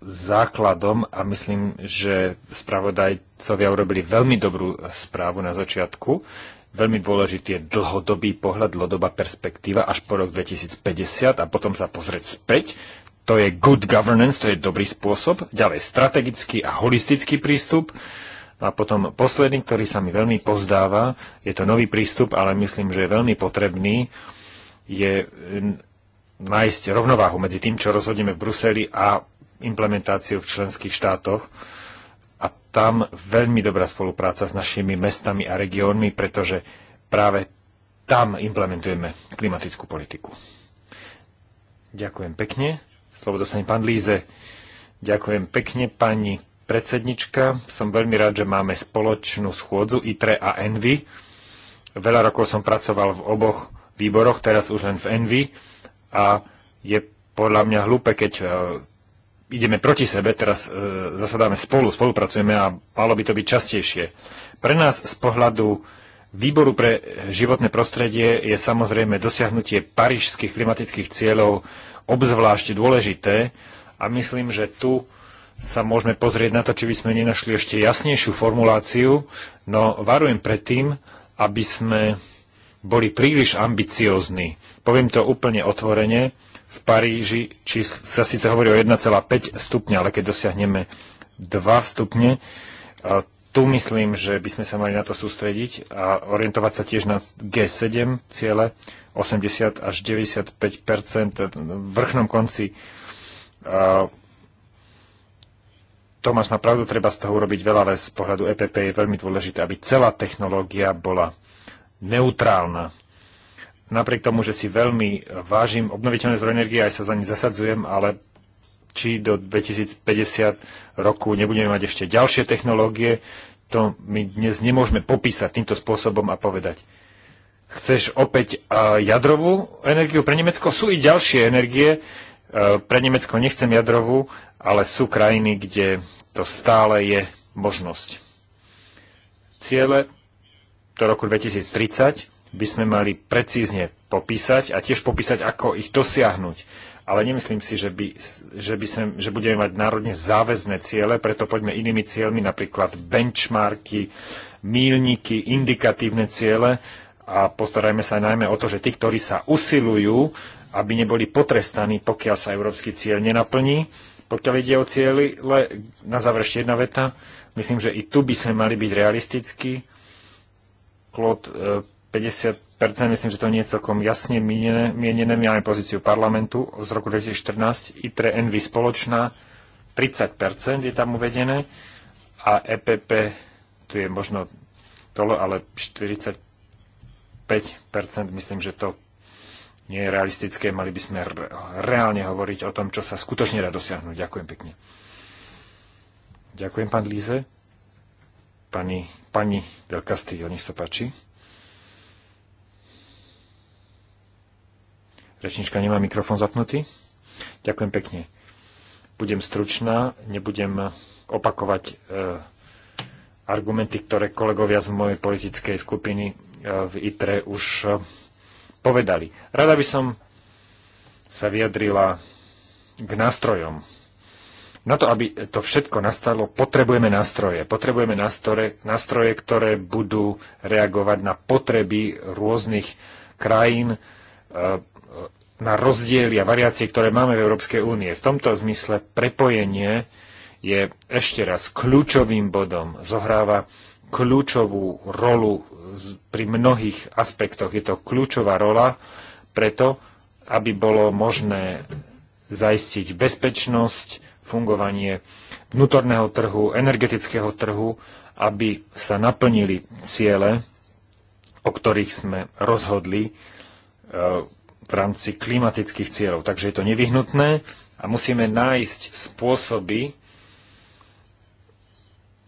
základom a myslím, že spravodajcovia urobili veľmi dobrú správu na začiatku. Veľmi dôležitý je dlhodobý pohľad, dlhodobá perspektíva až po rok 2050 a potom sa pozrieť späť, to je good governance, to je dobrý spôsob. Ďalej strategický a holistický prístup. A potom posledný, ktorý sa mi veľmi pozdáva, je to nový prístup, ale myslím, že je veľmi potrebný, je nájsť rovnováhu medzi tým, čo rozhodneme v Bruseli a implementáciou v členských štátoch. A tam veľmi dobrá spolupráca s našimi mestami a regiónmi, pretože práve tam implementujeme klimatickú politiku. Ďakujem pekne slovo dostane pán Líze. Ďakujem pekne, pani predsednička. Som veľmi rád, že máme spoločnú schôdzu ITRE a ENVY. Veľa rokov som pracoval v oboch výboroch, teraz už len v ENVY a je podľa mňa hlúpe, keď uh, ideme proti sebe, teraz uh, zasadáme spolu, spolupracujeme a malo by to byť častejšie. Pre nás z pohľadu Výboru pre životné prostredie je samozrejme dosiahnutie parížských klimatických cieľov obzvlášť dôležité a myslím, že tu sa môžeme pozrieť na to, či by sme nenašli ešte jasnejšiu formuláciu, no varujem pred tým, aby sme boli príliš ambiciózni. Poviem to úplne otvorene, v Paríži či sa síce hovorí o 1,5 stupňa, ale keď dosiahneme 2 stupne, tu myslím, že by sme sa mali na to sústrediť a orientovať sa tiež na G7 ciele 80 až 95 v vrchnom konci. Tomáš to máš pravdu, treba z toho urobiť veľa, ale z pohľadu EPP je veľmi dôležité, aby celá technológia bola neutrálna. Napriek tomu, že si veľmi vážim obnoviteľné zdroje energie, aj sa za ne zasadzujem, ale či do 2050 roku nebudeme mať ešte ďalšie technológie, to my dnes nemôžeme popísať týmto spôsobom a povedať. Chceš opäť jadrovú energiu pre Nemecko? Sú i ďalšie energie. E, pre Nemecko nechcem jadrovú, ale sú krajiny, kde to stále je možnosť. Ciele do roku 2030 by sme mali precízne popísať a tiež popísať, ako ich dosiahnuť ale nemyslím si, že, by, že, by sem, že budeme mať národne záväzné ciele, preto poďme inými cieľmi, napríklad benchmarky, mílniky, indikatívne ciele a postarajme sa aj najmä o to, že tí, ktorí sa usilujú, aby neboli potrestaní, pokiaľ sa európsky cieľ nenaplní. Pokiaľ ide o cieľy, ale na záver ešte jedna veta. Myslím, že i tu by sme mali byť realistickí. Klod 50 e, Myslím, že to nie je celkom jasne mienené. mienené. My máme pozíciu parlamentu z roku 2014, ITRE Envy spoločná, 30% je tam uvedené a EPP, tu je možno dole, ale 45%, myslím, že to nie je realistické. Mali by sme reálne hovoriť o tom, čo sa skutočne dá dosiahnuť. Ďakujem pekne. Ďakujem, pán Líze. Pani, pani Del Castillo, nech sa páči. Rečnička nemá mikrofón zapnutý. Ďakujem pekne. Budem stručná, nebudem opakovať e, argumenty, ktoré kolegovia z mojej politickej skupiny e, v ITRE už e, povedali. Rada by som sa vyjadrila k nástrojom. Na to, aby to všetko nastalo, potrebujeme nástroje. Potrebujeme nástroje, nástroje ktoré budú reagovať na potreby rôznych krajín, e, na rozdiely a variácie, ktoré máme v Európskej únie. V tomto zmysle prepojenie je ešte raz kľúčovým bodom, zohráva kľúčovú rolu pri mnohých aspektoch. Je to kľúčová rola preto, aby bolo možné zaistiť bezpečnosť, fungovanie vnútorného trhu, energetického trhu, aby sa naplnili ciele, o ktorých sme rozhodli e, v rámci klimatických cieľov. Takže je to nevyhnutné a musíme nájsť spôsoby,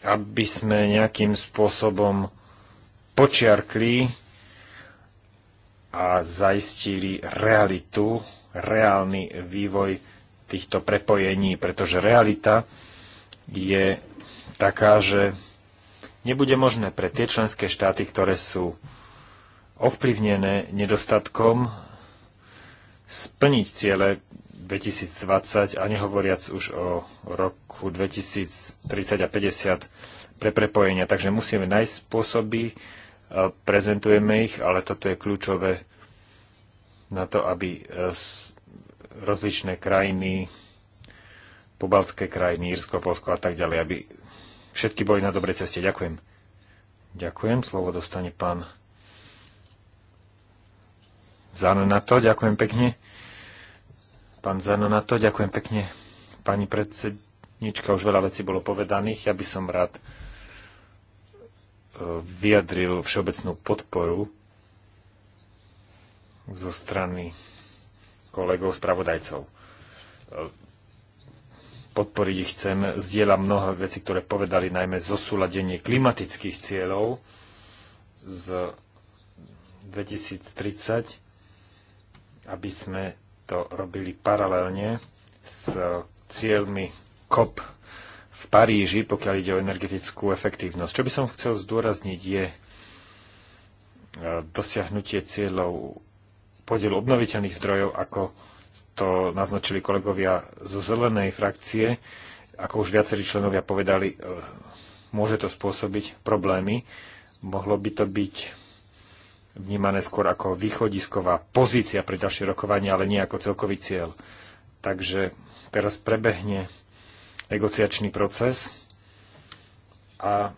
aby sme nejakým spôsobom počiarkli a zaistili realitu, reálny vývoj týchto prepojení, pretože realita je taká, že nebude možné pre tie členské štáty, ktoré sú ovplyvnené nedostatkom splniť ciele 2020 a nehovoriac už o roku 2030 a 50 pre prepojenia. Takže musíme nájsť spôsoby, e, prezentujeme ich, ale toto je kľúčové na to, aby e, rozličné krajiny, pobaltské krajiny, Írsko, Polsko a tak ďalej, aby všetky boli na dobrej ceste. Ďakujem. Ďakujem. Slovo dostane pán Zanonato, ďakujem pekne. Pán Zanonato, ďakujem pekne. Pani predsednička, už veľa vecí bolo povedaných. Ja by som rád e, vyjadril všeobecnú podporu zo strany kolegov spravodajcov. E, podporiť ich chcem. Zdieľam mnoho vecí, ktoré povedali, najmä zosúladenie klimatických cieľov z 2030 aby sme to robili paralelne s cieľmi COP v Paríži, pokiaľ ide o energetickú efektívnosť. Čo by som chcel zdôrazniť je e, dosiahnutie cieľov podielu obnoviteľných zdrojov, ako to naznačili kolegovia zo zelenej frakcie. Ako už viacerí členovia povedali, e, môže to spôsobiť problémy. Mohlo by to byť vnímané skôr ako východisková pozícia pre ďalšie rokovanie, ale nie ako celkový cieľ. Takže teraz prebehne negociačný proces a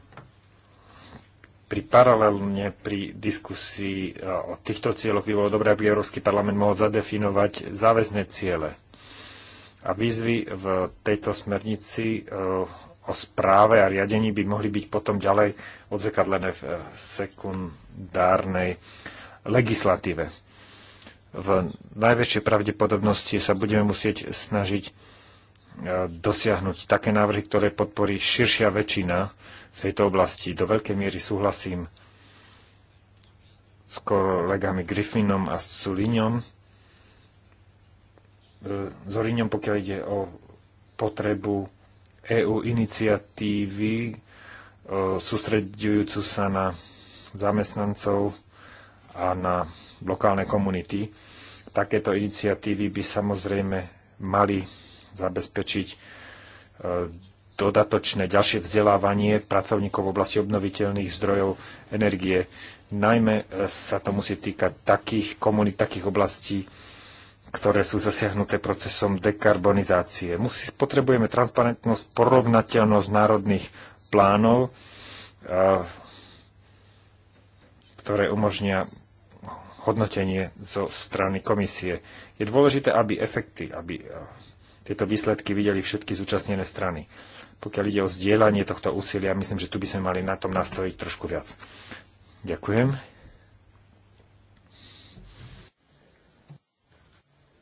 pri paralelne pri diskusii e, o týchto cieľoch by bolo dobré, aby Európsky parlament mohol zadefinovať záväzné ciele a výzvy v tejto smernici e, o správe a riadení by mohli byť potom ďalej odzekadlené v e, sekund zákonodárnej legislatíve. V najväčšej pravdepodobnosti sa budeme musieť snažiť e, dosiahnuť také návrhy, ktoré podporí širšia väčšina v tejto oblasti. Do veľkej miery súhlasím s kolegami Griffinom a Sulinom. E, Zoriňom, pokiaľ ide o potrebu EU iniciatívy, e, sústredujúcu sa na zamestnancov a na lokálne komunity. Takéto iniciatívy by samozrejme mali zabezpečiť e, dodatočné ďalšie vzdelávanie pracovníkov v oblasti obnoviteľných zdrojov energie. Najmä e, sa to musí týkať takých komunít, takých oblastí, ktoré sú zasiahnuté procesom dekarbonizácie. Musí, potrebujeme transparentnosť, porovnateľnosť národných plánov, e, ktoré umožnia hodnotenie zo strany komisie. Je dôležité, aby efekty, aby eh, tieto výsledky videli všetky zúčastnené strany. Pokiaľ ide o zdieľanie tohto úsilia, myslím, že tu by sme mali na tom nastojiť trošku viac. Ďakujem.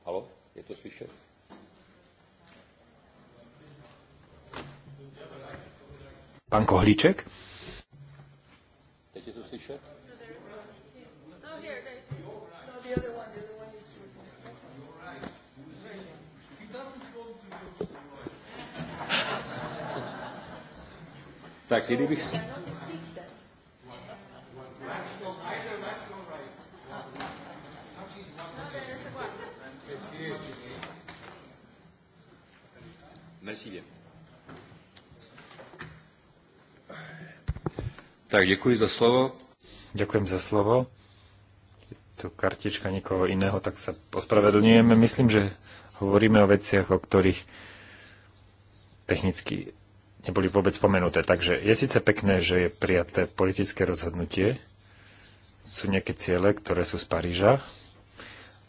Halo, je to slyšet? Pán Kohlíček? Tak, kedy bych... Merci bien. Tak, ďakujem za slovo. Ďakujem za slovo. Je tu kartička nikoho iného, tak sa ospravedlňujeme. Myslím, že hovoríme o veciach, o ktorých technicky neboli vôbec spomenuté. Takže je síce pekné, že je prijaté politické rozhodnutie, sú nejaké ciele, ktoré sú z Paríža,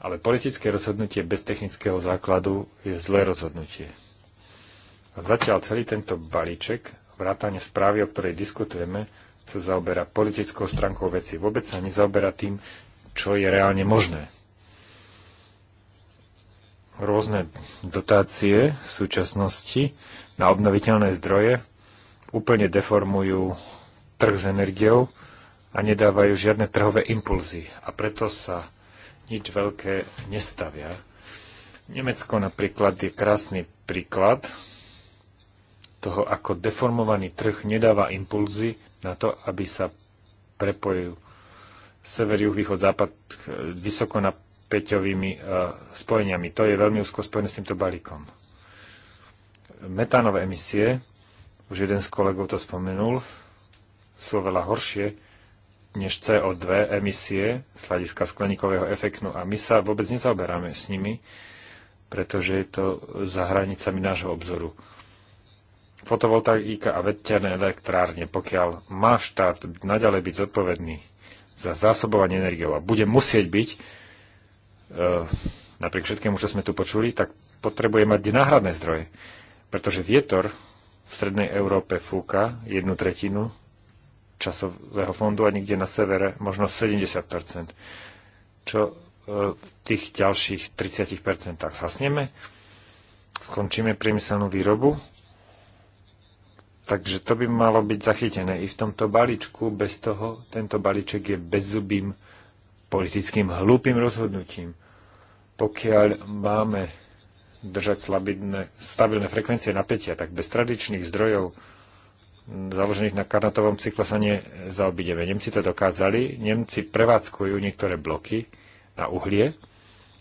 ale politické rozhodnutie bez technického základu je zlé rozhodnutie. A zatiaľ celý tento balíček, vrátane správy, o ktorej diskutujeme, sa zaoberá politickou stránkou veci. Vôbec sa nezaoberá tým, čo je reálne možné rôzne dotácie v súčasnosti na obnoviteľné zdroje úplne deformujú trh s energiou a nedávajú žiadne trhové impulzy. A preto sa nič veľké nestavia. Nemecko napríklad je krásny príklad toho, ako deformovaný trh nedáva impulzy na to, aby sa prepojil sever, juh, východ, západ vysoko na peťovými e, spojeniami. To je veľmi úzko spojené s týmto balíkom. Metánové emisie, už jeden z kolegov to spomenul, sú veľa horšie než CO2 emisie z hľadiska skleníkového efektu a my sa vôbec nezaoberáme s nimi, pretože je to za hranicami nášho obzoru fotovoltaika a veterné elektrárne, pokiaľ má štát naďalej byť zodpovedný za zásobovanie energiou a bude musieť byť, E, napriek všetkému, čo sme tu počuli, tak potrebuje mať náhradné zdroje. Pretože vietor v strednej Európe fúka jednu tretinu časového fondu a niekde na severe možno 70 Čo e, v tých ďalších 30 zasneme, skončíme priemyselnú výrobu, takže to by malo byť zachytené i v tomto balíčku. Bez toho tento balíček je bezzubým politickým hlúpým rozhodnutím. Pokiaľ máme držať slabidne, stabilné frekvencie napätia, tak bez tradičných zdrojov založených na karnatovom cykle sa nezaobideme. Nemci to dokázali. Nemci prevádzkujú niektoré bloky na uhlie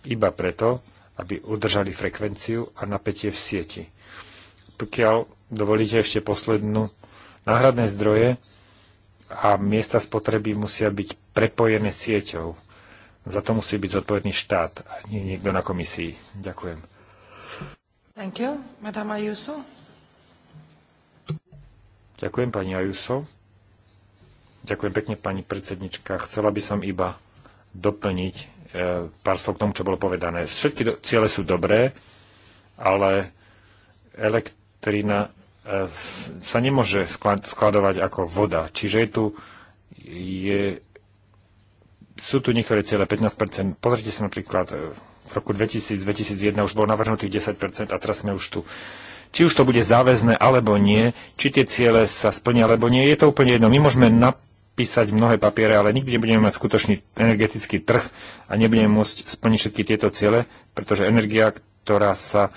iba preto, aby udržali frekvenciu a napätie v sieti. Pokiaľ dovolíte ešte poslednú, náhradné zdroje a miesta spotreby musia byť prepojené sieťou za to musí byť zodpovedný štát, a nie niekto na komisii. Ďakujem. Thank you. Madame Ayuso. Ďakujem, pani Ayuso. Ďakujem pekne, pani predsednička. Chcela by som iba doplniť e, pár slov k tomu, čo bolo povedané. Všetky do, ciele sú dobré, ale elektrina e, sa nemôže skladovať ako voda. Čiže je tu je sú tu niektoré cieľe 15%. Pozrite sa napríklad, e, v roku 2000-2001 už bol navrhnutých 10% a teraz sme už tu. Či už to bude záväzné alebo nie, či tie ciele sa splnia alebo nie, je to úplne jedno. My môžeme napísať mnohé papiere, ale nikdy nebudeme mať skutočný energetický trh a nebudeme môcť splniť všetky tieto ciele, pretože energia, ktorá sa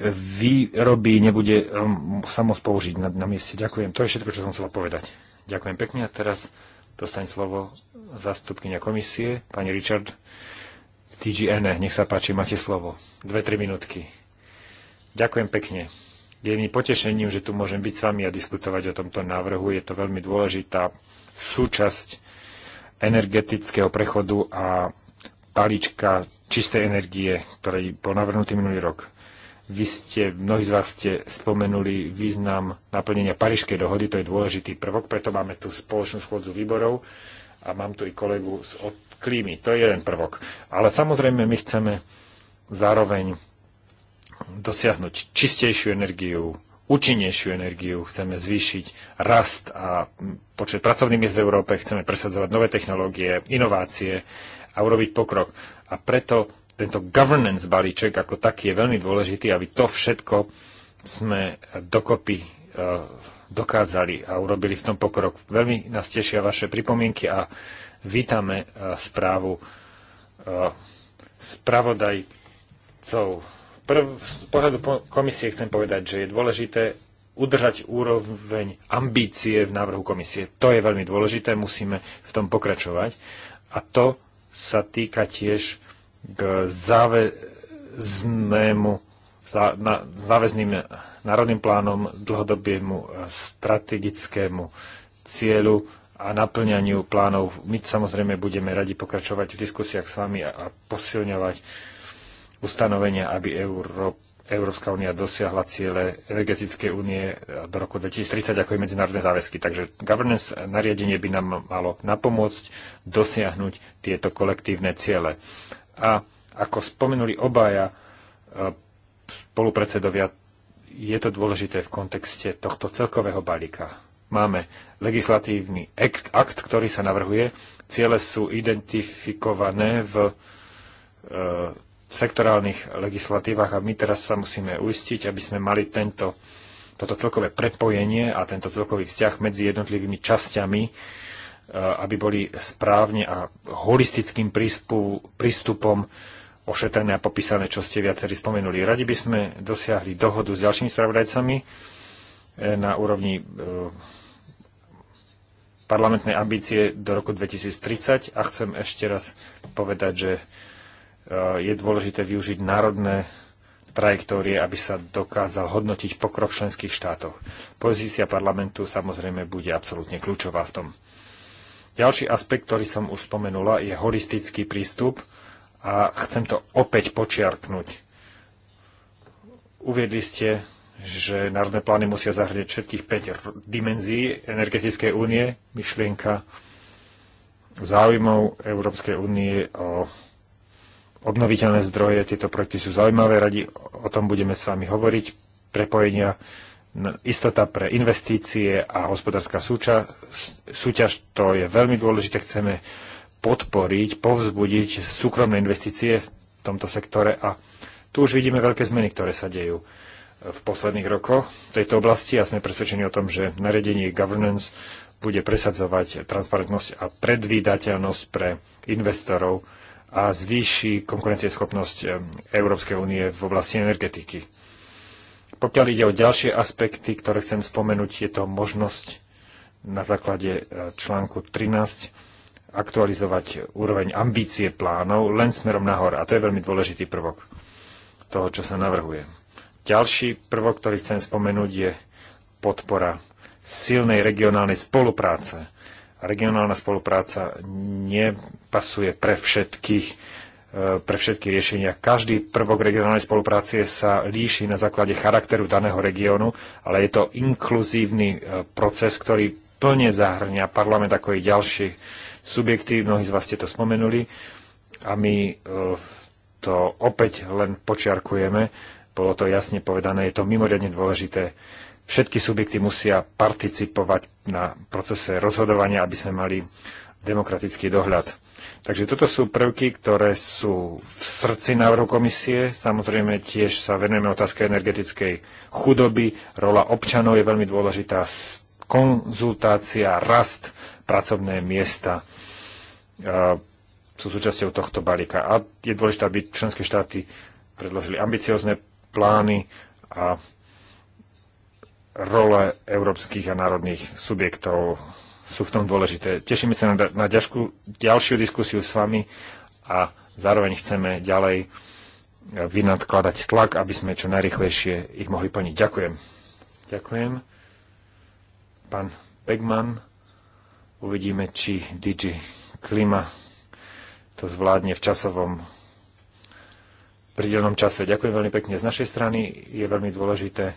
vyrobí, nebude um, samo na, na mieste. Ďakujem. To je všetko, čo som chcel povedať. Ďakujem pekne a teraz Dostaň slovo zastupkynia komisie, pani Richard z TGN. E. Nech sa páči, máte slovo. Dve, tri minútky. Ďakujem pekne. Je mi potešením, že tu môžem byť s vami a diskutovať o tomto návrhu. Je to veľmi dôležitá súčasť energetického prechodu a palička čistej energie, ktorý bol navrhnutý minulý rok. Vy ste, mnohí z vás ste spomenuli význam naplnenia Parížskej dohody, to je dôležitý prvok, preto máme tu spoločnú schôdzu výborov a mám tu i kolegu z, od klímy. To je jeden prvok. Ale samozrejme my chceme zároveň dosiahnuť čistejšiu energiu, účinnejšiu energiu, chceme zvýšiť rast a počet pracovných miest v Európe, chceme presadzovať nové technológie, inovácie a urobiť pokrok. A preto tento governance balíček ako taký je veľmi dôležitý, aby to všetko sme dokopy eh, dokázali a urobili v tom pokrok. Veľmi nás tešia vaše pripomienky a vítame eh, správu eh, spravodajcov. Prv, z pohľadu komisie chcem povedať, že je dôležité udržať úroveň ambície v návrhu komisie. To je veľmi dôležité, musíme v tom pokračovať. A to sa týka tiež k záväznému záväzným národným plánom, dlhodobému strategickému cieľu a naplňaniu plánov. My samozrejme budeme radi pokračovať v diskusiách s vami a, a posilňovať ustanovenia, aby Euró, Európska únia dosiahla ciele energetickej únie do roku 2030, ako aj medzinárodné záväzky. Takže governance nariadenie by nám malo napomôcť dosiahnuť tieto kolektívne ciele a ako spomenuli obaja e, spolupredsedovia, je to dôležité v kontexte tohto celkového balíka. Máme legislatívny akt, akt ktorý sa navrhuje. Ciele sú identifikované v e, sektorálnych legislatívach a my teraz sa musíme uistiť, aby sme mali tento, toto celkové prepojenie a tento celkový vzťah medzi jednotlivými časťami Eh, aby boli správne a holistickým prístupom ošetrené a popísané, čo ste viacerí spomenuli. Radi by sme dosiahli dohodu s ďalšími spravodajcami eh, na úrovni eh, parlamentnej ambície do roku 2030 a chcem ešte raz povedať, že je dôležité využiť národné trajektórie, aby sa dokázal hodnotiť pokrok členských štátov. Pozícia parlamentu samozrejme bude absolútne kľúčová v tom. Ďalší aspekt, ktorý som už spomenula, je holistický prístup a chcem to opäť počiarknúť. Uviedli ste, že národné plány musia zahrnieť všetkých 5 dimenzií energetickej únie, myšlienka záujmov Európskej únie o obnoviteľné zdroje. Tieto projekty sú zaujímavé, radi o tom budeme s vami hovoriť. Prepojenia istota pre investície a hospodárska súča, súťaž, to je veľmi dôležité. Chceme podporiť, povzbudiť súkromné investície v tomto sektore a tu už vidíme veľké zmeny, ktoré sa dejú v posledných rokoch v tejto oblasti a sme presvedčení o tom, že naredenie governance bude presadzovať transparentnosť a predvídateľnosť pre investorov a zvýši konkurencieschopnosť eh, Európskej únie v oblasti energetiky. Pokiaľ ide o ďalšie aspekty, ktoré chcem spomenúť, je to možnosť na základe e, článku 13 aktualizovať úroveň ambície plánov len smerom nahor. A to je veľmi dôležitý prvok toho, čo sa navrhuje. Ďalší prvok, ktorý chcem spomenúť, je podpora silnej regionálnej spolupráce. Regionálna spolupráca nepasuje pre všetkých pre všetky riešenia. Každý prvok regionálnej spolupráce sa líši na základe charakteru daného regiónu, ale je to inkluzívny e, proces, ktorý plne zahrňa parlament ako i ďalšie subjekty, mnohí z vás ste to spomenuli a my e, to opäť len počiarkujeme, bolo to jasne povedané, je to mimoriadne dôležité. Všetky subjekty musia participovať na procese rozhodovania, aby sme mali demokratický dohľad. Takže toto sú prvky, ktoré sú v srdci návrhu komisie. Samozrejme tiež sa venujeme otázke energetickej chudoby. Rola občanov je veľmi dôležitá. Konzultácia, rast, pracovné miesta e, sú súčasťou tohto balíka. A je dôležité, aby členské štáty predložili ambiciozne plány a role európskych a národných subjektov sú v tom dôležité. Tešíme sa na, na ďažku, ďalšiu diskusiu s vami a zároveň chceme ďalej e, vynadkladať tlak, aby sme čo najrychlejšie ich mohli plniť. Ďakujem. Ďakujem. Pán Pegman, uvidíme, či Digi Klima to zvládne v časovom pridelnom čase. Ďakujem veľmi pekne. Z našej strany je veľmi dôležité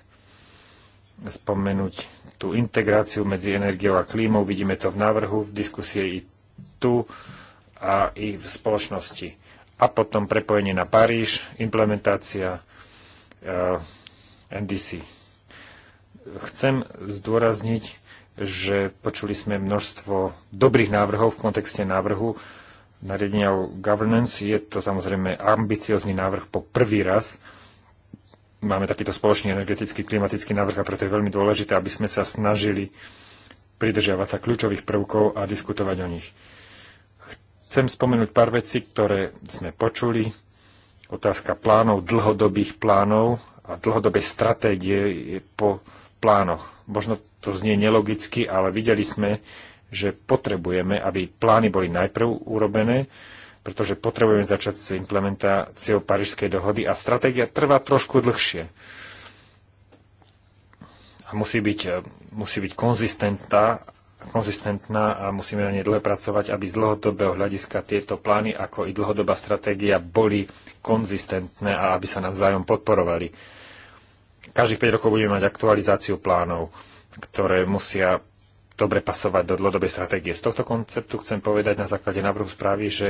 spomenúť tú integráciu medzi energiou a klímou. Vidíme to v návrhu, v diskusie i tu a i v spoločnosti. A potom prepojenie na Paríž, implementácia eh, NDC. Chcem zdôrazniť, že počuli sme množstvo dobrých návrhov v kontexte návrhu nariadenia o governance. Je to samozrejme ambiciozný návrh po prvý raz, máme takýto spoločný energetický klimatický návrh a preto je veľmi dôležité, aby sme sa snažili pridržiavať sa kľúčových prvkov a diskutovať o nich. Chcem spomenúť pár vecí, ktoré sme počuli. Otázka plánov, dlhodobých plánov a dlhodobej stratégie je po plánoch. Možno to znie nelogicky, ale videli sme, že potrebujeme, aby plány boli najprv urobené, pretože potrebujeme začať s implementáciou Parížskej dohody a stratégia trvá trošku dlhšie. A musí byť, e, musí byť konzistentná, konzistentná a musíme na nej dlhé pracovať, aby z dlhodobého hľadiska tieto plány, ako i dlhodobá stratégia, boli konzistentné a aby sa navzájom podporovali. Každých 5 rokov budeme mať aktualizáciu plánov, ktoré musia dobre pasovať do dlhodobej stratégie. Z tohto konceptu chcem povedať na základe návrhu správy, že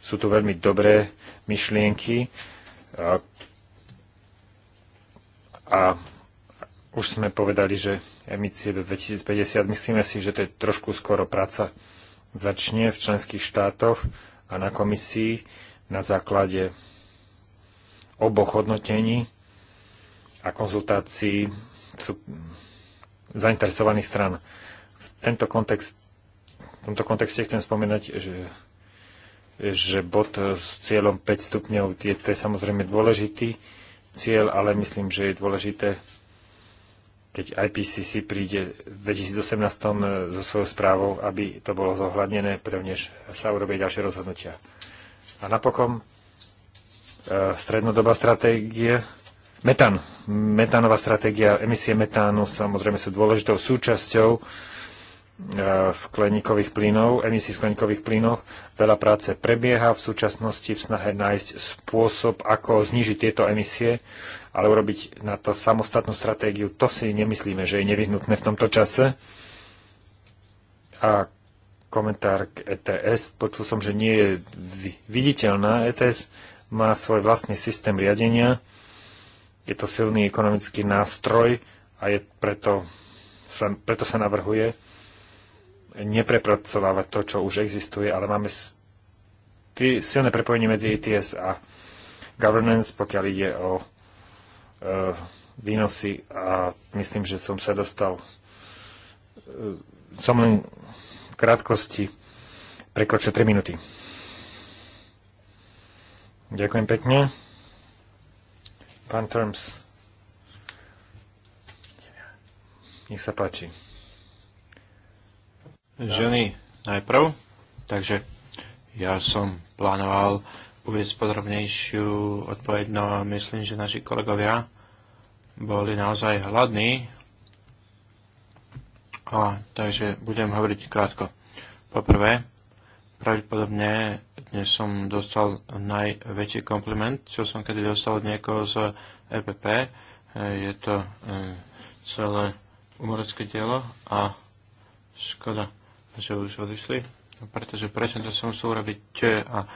sú tu veľmi dobré myšlienky a, a už sme povedali, že emisie do 2050, myslíme si, že to je trošku skoro práca začne v členských štátoch a na komisii na základe oboch hodnotení a konzultácií sú zainteresovaných stran tento kontext, v tomto kontexte chcem spomenať, že, že bod s cieľom 5 stupňov je, to je samozrejme dôležitý cieľ, ale myslím, že je dôležité, keď IPCC príde v 2018 eh, so svojou správou, aby to bolo zohľadnené, prevnež sa urobia ďalšie rozhodnutia. A napokon eh, strednodobá stratégie, metan, metánová stratégia, emisie metánu samozrejme sú dôležitou súčasťou E, skleníkových plynov, emisí skleníkových plynov. Veľa práce prebieha v súčasnosti v snahe nájsť spôsob, ako znižiť tieto emisie, ale urobiť na to samostatnú stratégiu, to si nemyslíme, že je nevyhnutné v tomto čase. A komentár k ETS, počul som, že nie je viditeľná. ETS má svoj vlastný systém riadenia, je to silný ekonomický nástroj a je preto, sa, preto sa navrhuje, neprepracovávať to, čo už existuje, ale máme silné prepojenie medzi ETS a governance, pokiaľ ide o e, výnosy a myslím, že som sa dostal e, som len v krátkosti prekročil 3 minúty. Ďakujem pekne. Pán Terms. Nech sa páči. Ženy najprv. Takže ja som plánoval uvieť podrobnejšiu odpoveď, no myslím, že naši kolegovia boli naozaj hladní. A, takže budem hovoriť krátko. Poprvé, pravdepodobne dnes som dostal najväčší kompliment, čo som kedy dostal od niekoho z EPP. Je to e, celé umorecké dielo a škoda že už odišli, pretože prečo to som musel robiť e, a e,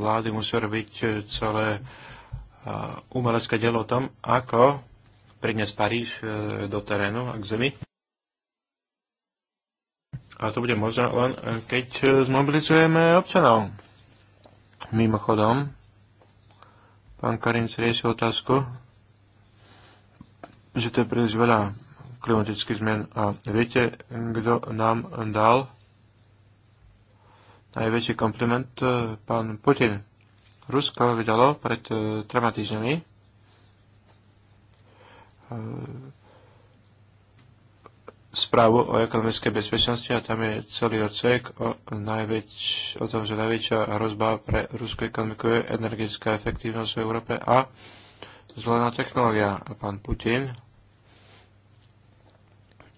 vlády musí robiť e, celé umelecké dielo o tom, ako priniesť Paríž do terénu a k zemi. A to bude možné len, keď zmobilizujeme občanov. Mimochodom, pán Karin si riešil otázku, že to je príliš veľa klimatických zmien. A viete, kto nám dal najväčší kompliment? E, pán Putin. Rusko vydalo pred e, trema týždňami e, správu o ekonomickej bezpečnosti a tam je celý odsek o, najväč, o tom, že najväčšia hrozba pre ruskú ekonomiku je energetická efektívnosť v Európe a zelená technológia. A pán Putin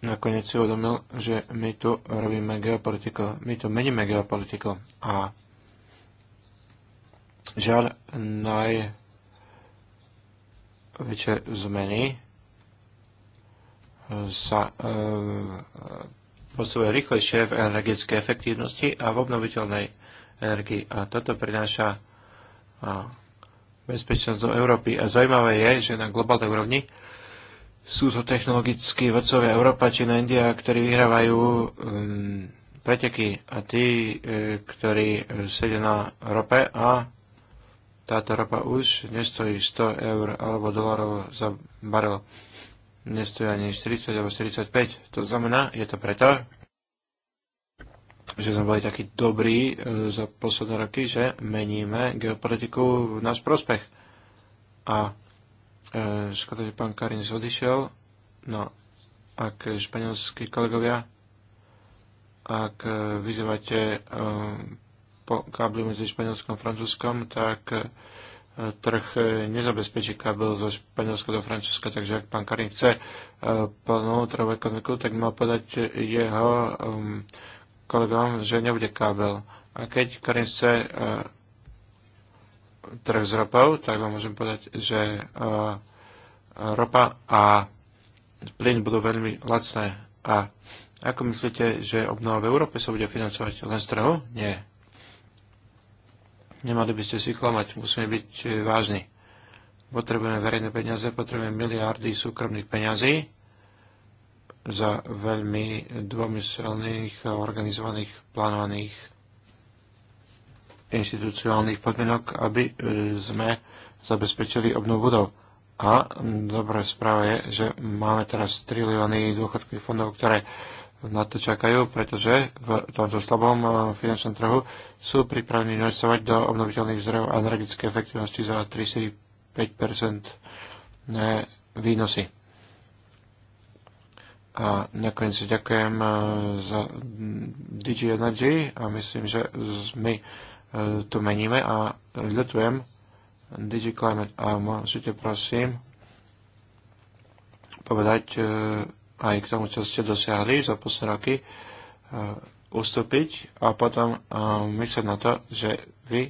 nakoniec si uvedomil, že my tu robíme geopolitiku, my tu meníme geopolitiku a žiaľ najväčšie zmeny sa e, posúvajú rýchlejšie v energetickej efektívnosti a v obnoviteľnej energii. A toto prináša e, bezpečnosť do Európy. A zaujímavé je, že na globálnej úrovni sú to technologickí vodcovia Európa či India, ktorí vyhrávajú um, preteky a tí, e, ktorí eh, sedia na rope a táto ropa už nestojí 100 eur alebo dolarov za barel. Nestojí ani 40 alebo 45. To znamená, je to preto, že sme boli takí dobrí e, za posledné roky, že meníme geopolitiku v náš prospech. A E, škoda, že pán Karin zodišiel. No, ak španielskí kolegovia, ak e, vyzývate e, po kábli medzi Španielskom a Francúzskom, tak trh nezabezpečí kábel zo Španielska do Francúzska, takže ak pán Karin chce plnú trhovú ekonomiku, tak mal podať jeho kolegom, že nebude kábel. A keď Karin chce trh s ropou, tak vám môžem povedať, že e, ropa a plyn budú veľmi lacné. A ako myslíte, že obnova v Európe sa bude financovať len z trhu? Nie. Nemali by ste si klamať, musíme byť vážni. Potrebujeme verejné peniaze, potrebujeme miliardy súkromných peňazí za veľmi dômyselných, organizovaných, plánovaných inštitucionálnych podmienok, aby e, sme zabezpečili obnovu budov. A dobrá správa je, že máme teraz trilióny dôchodkových fondov, ktoré na to čakajú, pretože v tomto slabom e, finančnom trhu sú pripravení investovať do obnoviteľných zdrojov a energetické efektivnosti za 35% e, výnosy. A nakoniec ďakujem za DG Energy a myslím, že my to meníme a vyletujem DigiClimate a môžete prosím povedať e, aj k tomu, čo ste dosiahli za posledné roky, e, ustúpiť a potom e, myslieť na to, že vy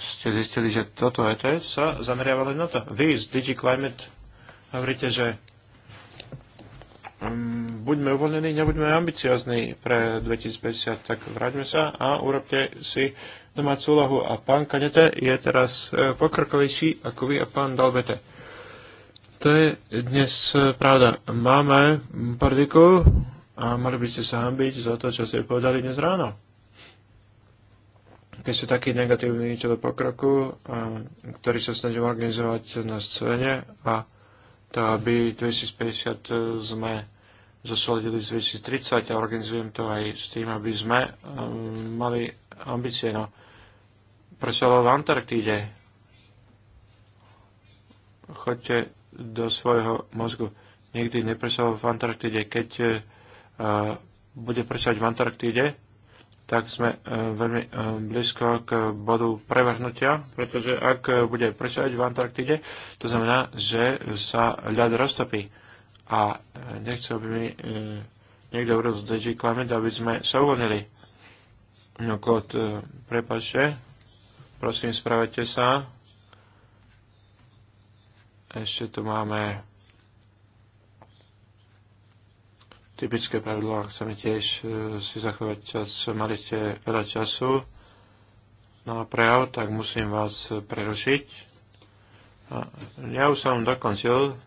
ste zistili, že toto ETS sa zameriava len na to. Vy z DigiClimate hovoríte, že um, buďme uvoľnení, nebuďme ambiciozní pre 2050, tak vráťme sa a urobte si domácu úlohu. A pán Kanete je teraz e, pokrokovejší ako vy a pán Dalbete. To je dnes e, pravda. Máme pardiku a mali by ste sa hambiť za to, čo ste povedali dnes ráno keď sú takí negatívni čo do pokroku, e, ktorí sa snažím organizovať na scéne a to, aby 2050 sme zosledili z 2030 a organizujem to aj s tým, aby sme um, mali ambície. No, prečo v Antarktíde? Choďte do svojho mozgu. Nikdy neprešal v Antarktíde. Keď uh, bude prešať v Antarktíde, tak sme uh, veľmi uh, blízko k bodu prevrhnutia, pretože ak uh, bude prešať v Antarktíde, to znamená, že sa ľad roztopí. Uh, a e, nechcel by mi e, niekto urobiť z aby sme sa uvolnili. No e, prepáčte, prosím, spravete sa. Ešte tu máme typické pravidlo, chceme tiež e, si zachovať čas. Mali ste veľa času na prejav, tak musím vás prerušiť. Ja už som dokončil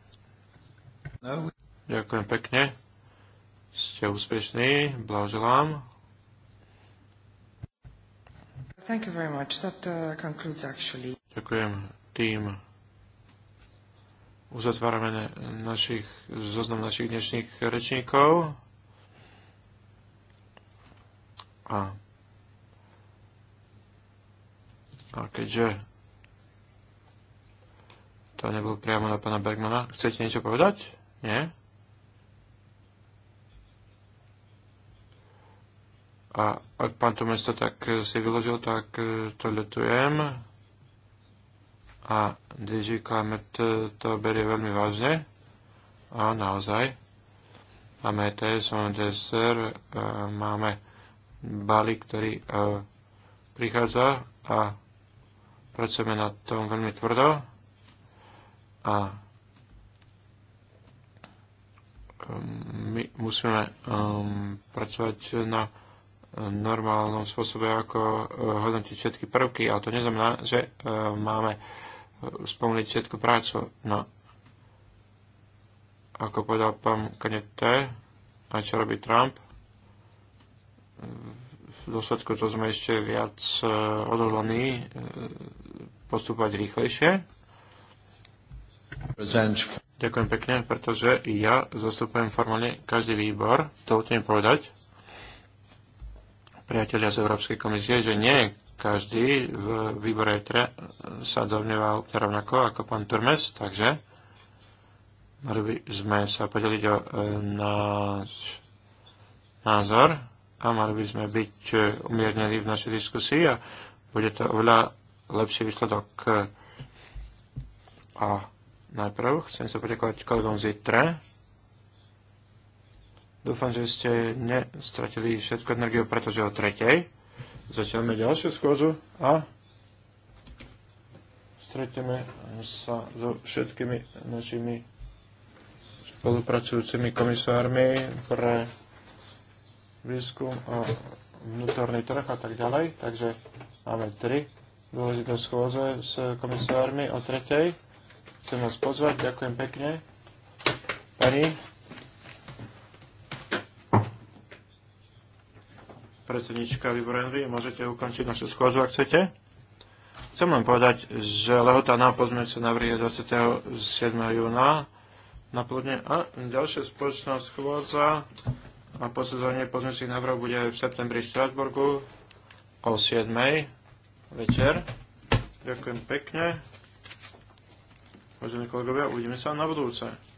Ďakujem pekne. Ste úspešní. Blahoželám. Thank you very much. That uh, concludes actually. Ďakujem tým. Uzatvárame našich, zoznam našich dnešných rečníkov. A, a keďže to nebol priamo na pána Bergmana, chcete niečo povedať? Nie? A ak pán to mesto tak eh, si vyložil, tak eh, to letujem. A DG Climate eh, to berie veľmi vážne. A naozaj. Máme ETS, máme DSR, máme balík, ktorý prichádza a pracujeme na tom veľmi tvrdo. A my musíme um, pracovať na normálnom spôsobe, ako uh, hodnotiť všetky prvky, ale to neznamená, že uh, máme uh, spomniť všetku prácu. No, ako povedal pán Kanete, a čo robí Trump, v dôsledku to sme ešte viac odhodlaní postupovať rýchlejšie. Ďakujem pekne, pretože ja zastupujem formálne každý výbor. To mi povedať, priatelia z Európskej komisie, že nie každý v výbore ETRE e sa domnieval rovnako ako pán Turmes, takže mali by sme sa podeliť o e, náš názor a mali by sme byť e, umiernení v našej diskusii a bude to oveľa lepší výsledok. E, a Najprv chcem sa poďakovať kolegom z ITRE. Dúfam, že ste nestratili všetku energiu, pretože o tretej začneme ďalšiu skôzu a stretneme sa so všetkými našimi spolupracujúcimi komisármi pre výskum a vnútorný trh a tak ďalej. Takže máme tri dôležité schôze s komisármi o tretej. Chcem vás pozvať, ďakujem pekne. Pani. Predsednička Henry, môžete ukončiť našu schôzu, ak chcete. Chcem len povedať, že lehota na pozmeňujúce sa je 27. júna na plodne. A ďalšia spoločná schôdza a posudzovanie pozmeňujúcich návrhov bude v septembri v Štrasburgu o 7. večer. Ďakujem pekne. Vážení kolegovia, uvidíme sa na budúce.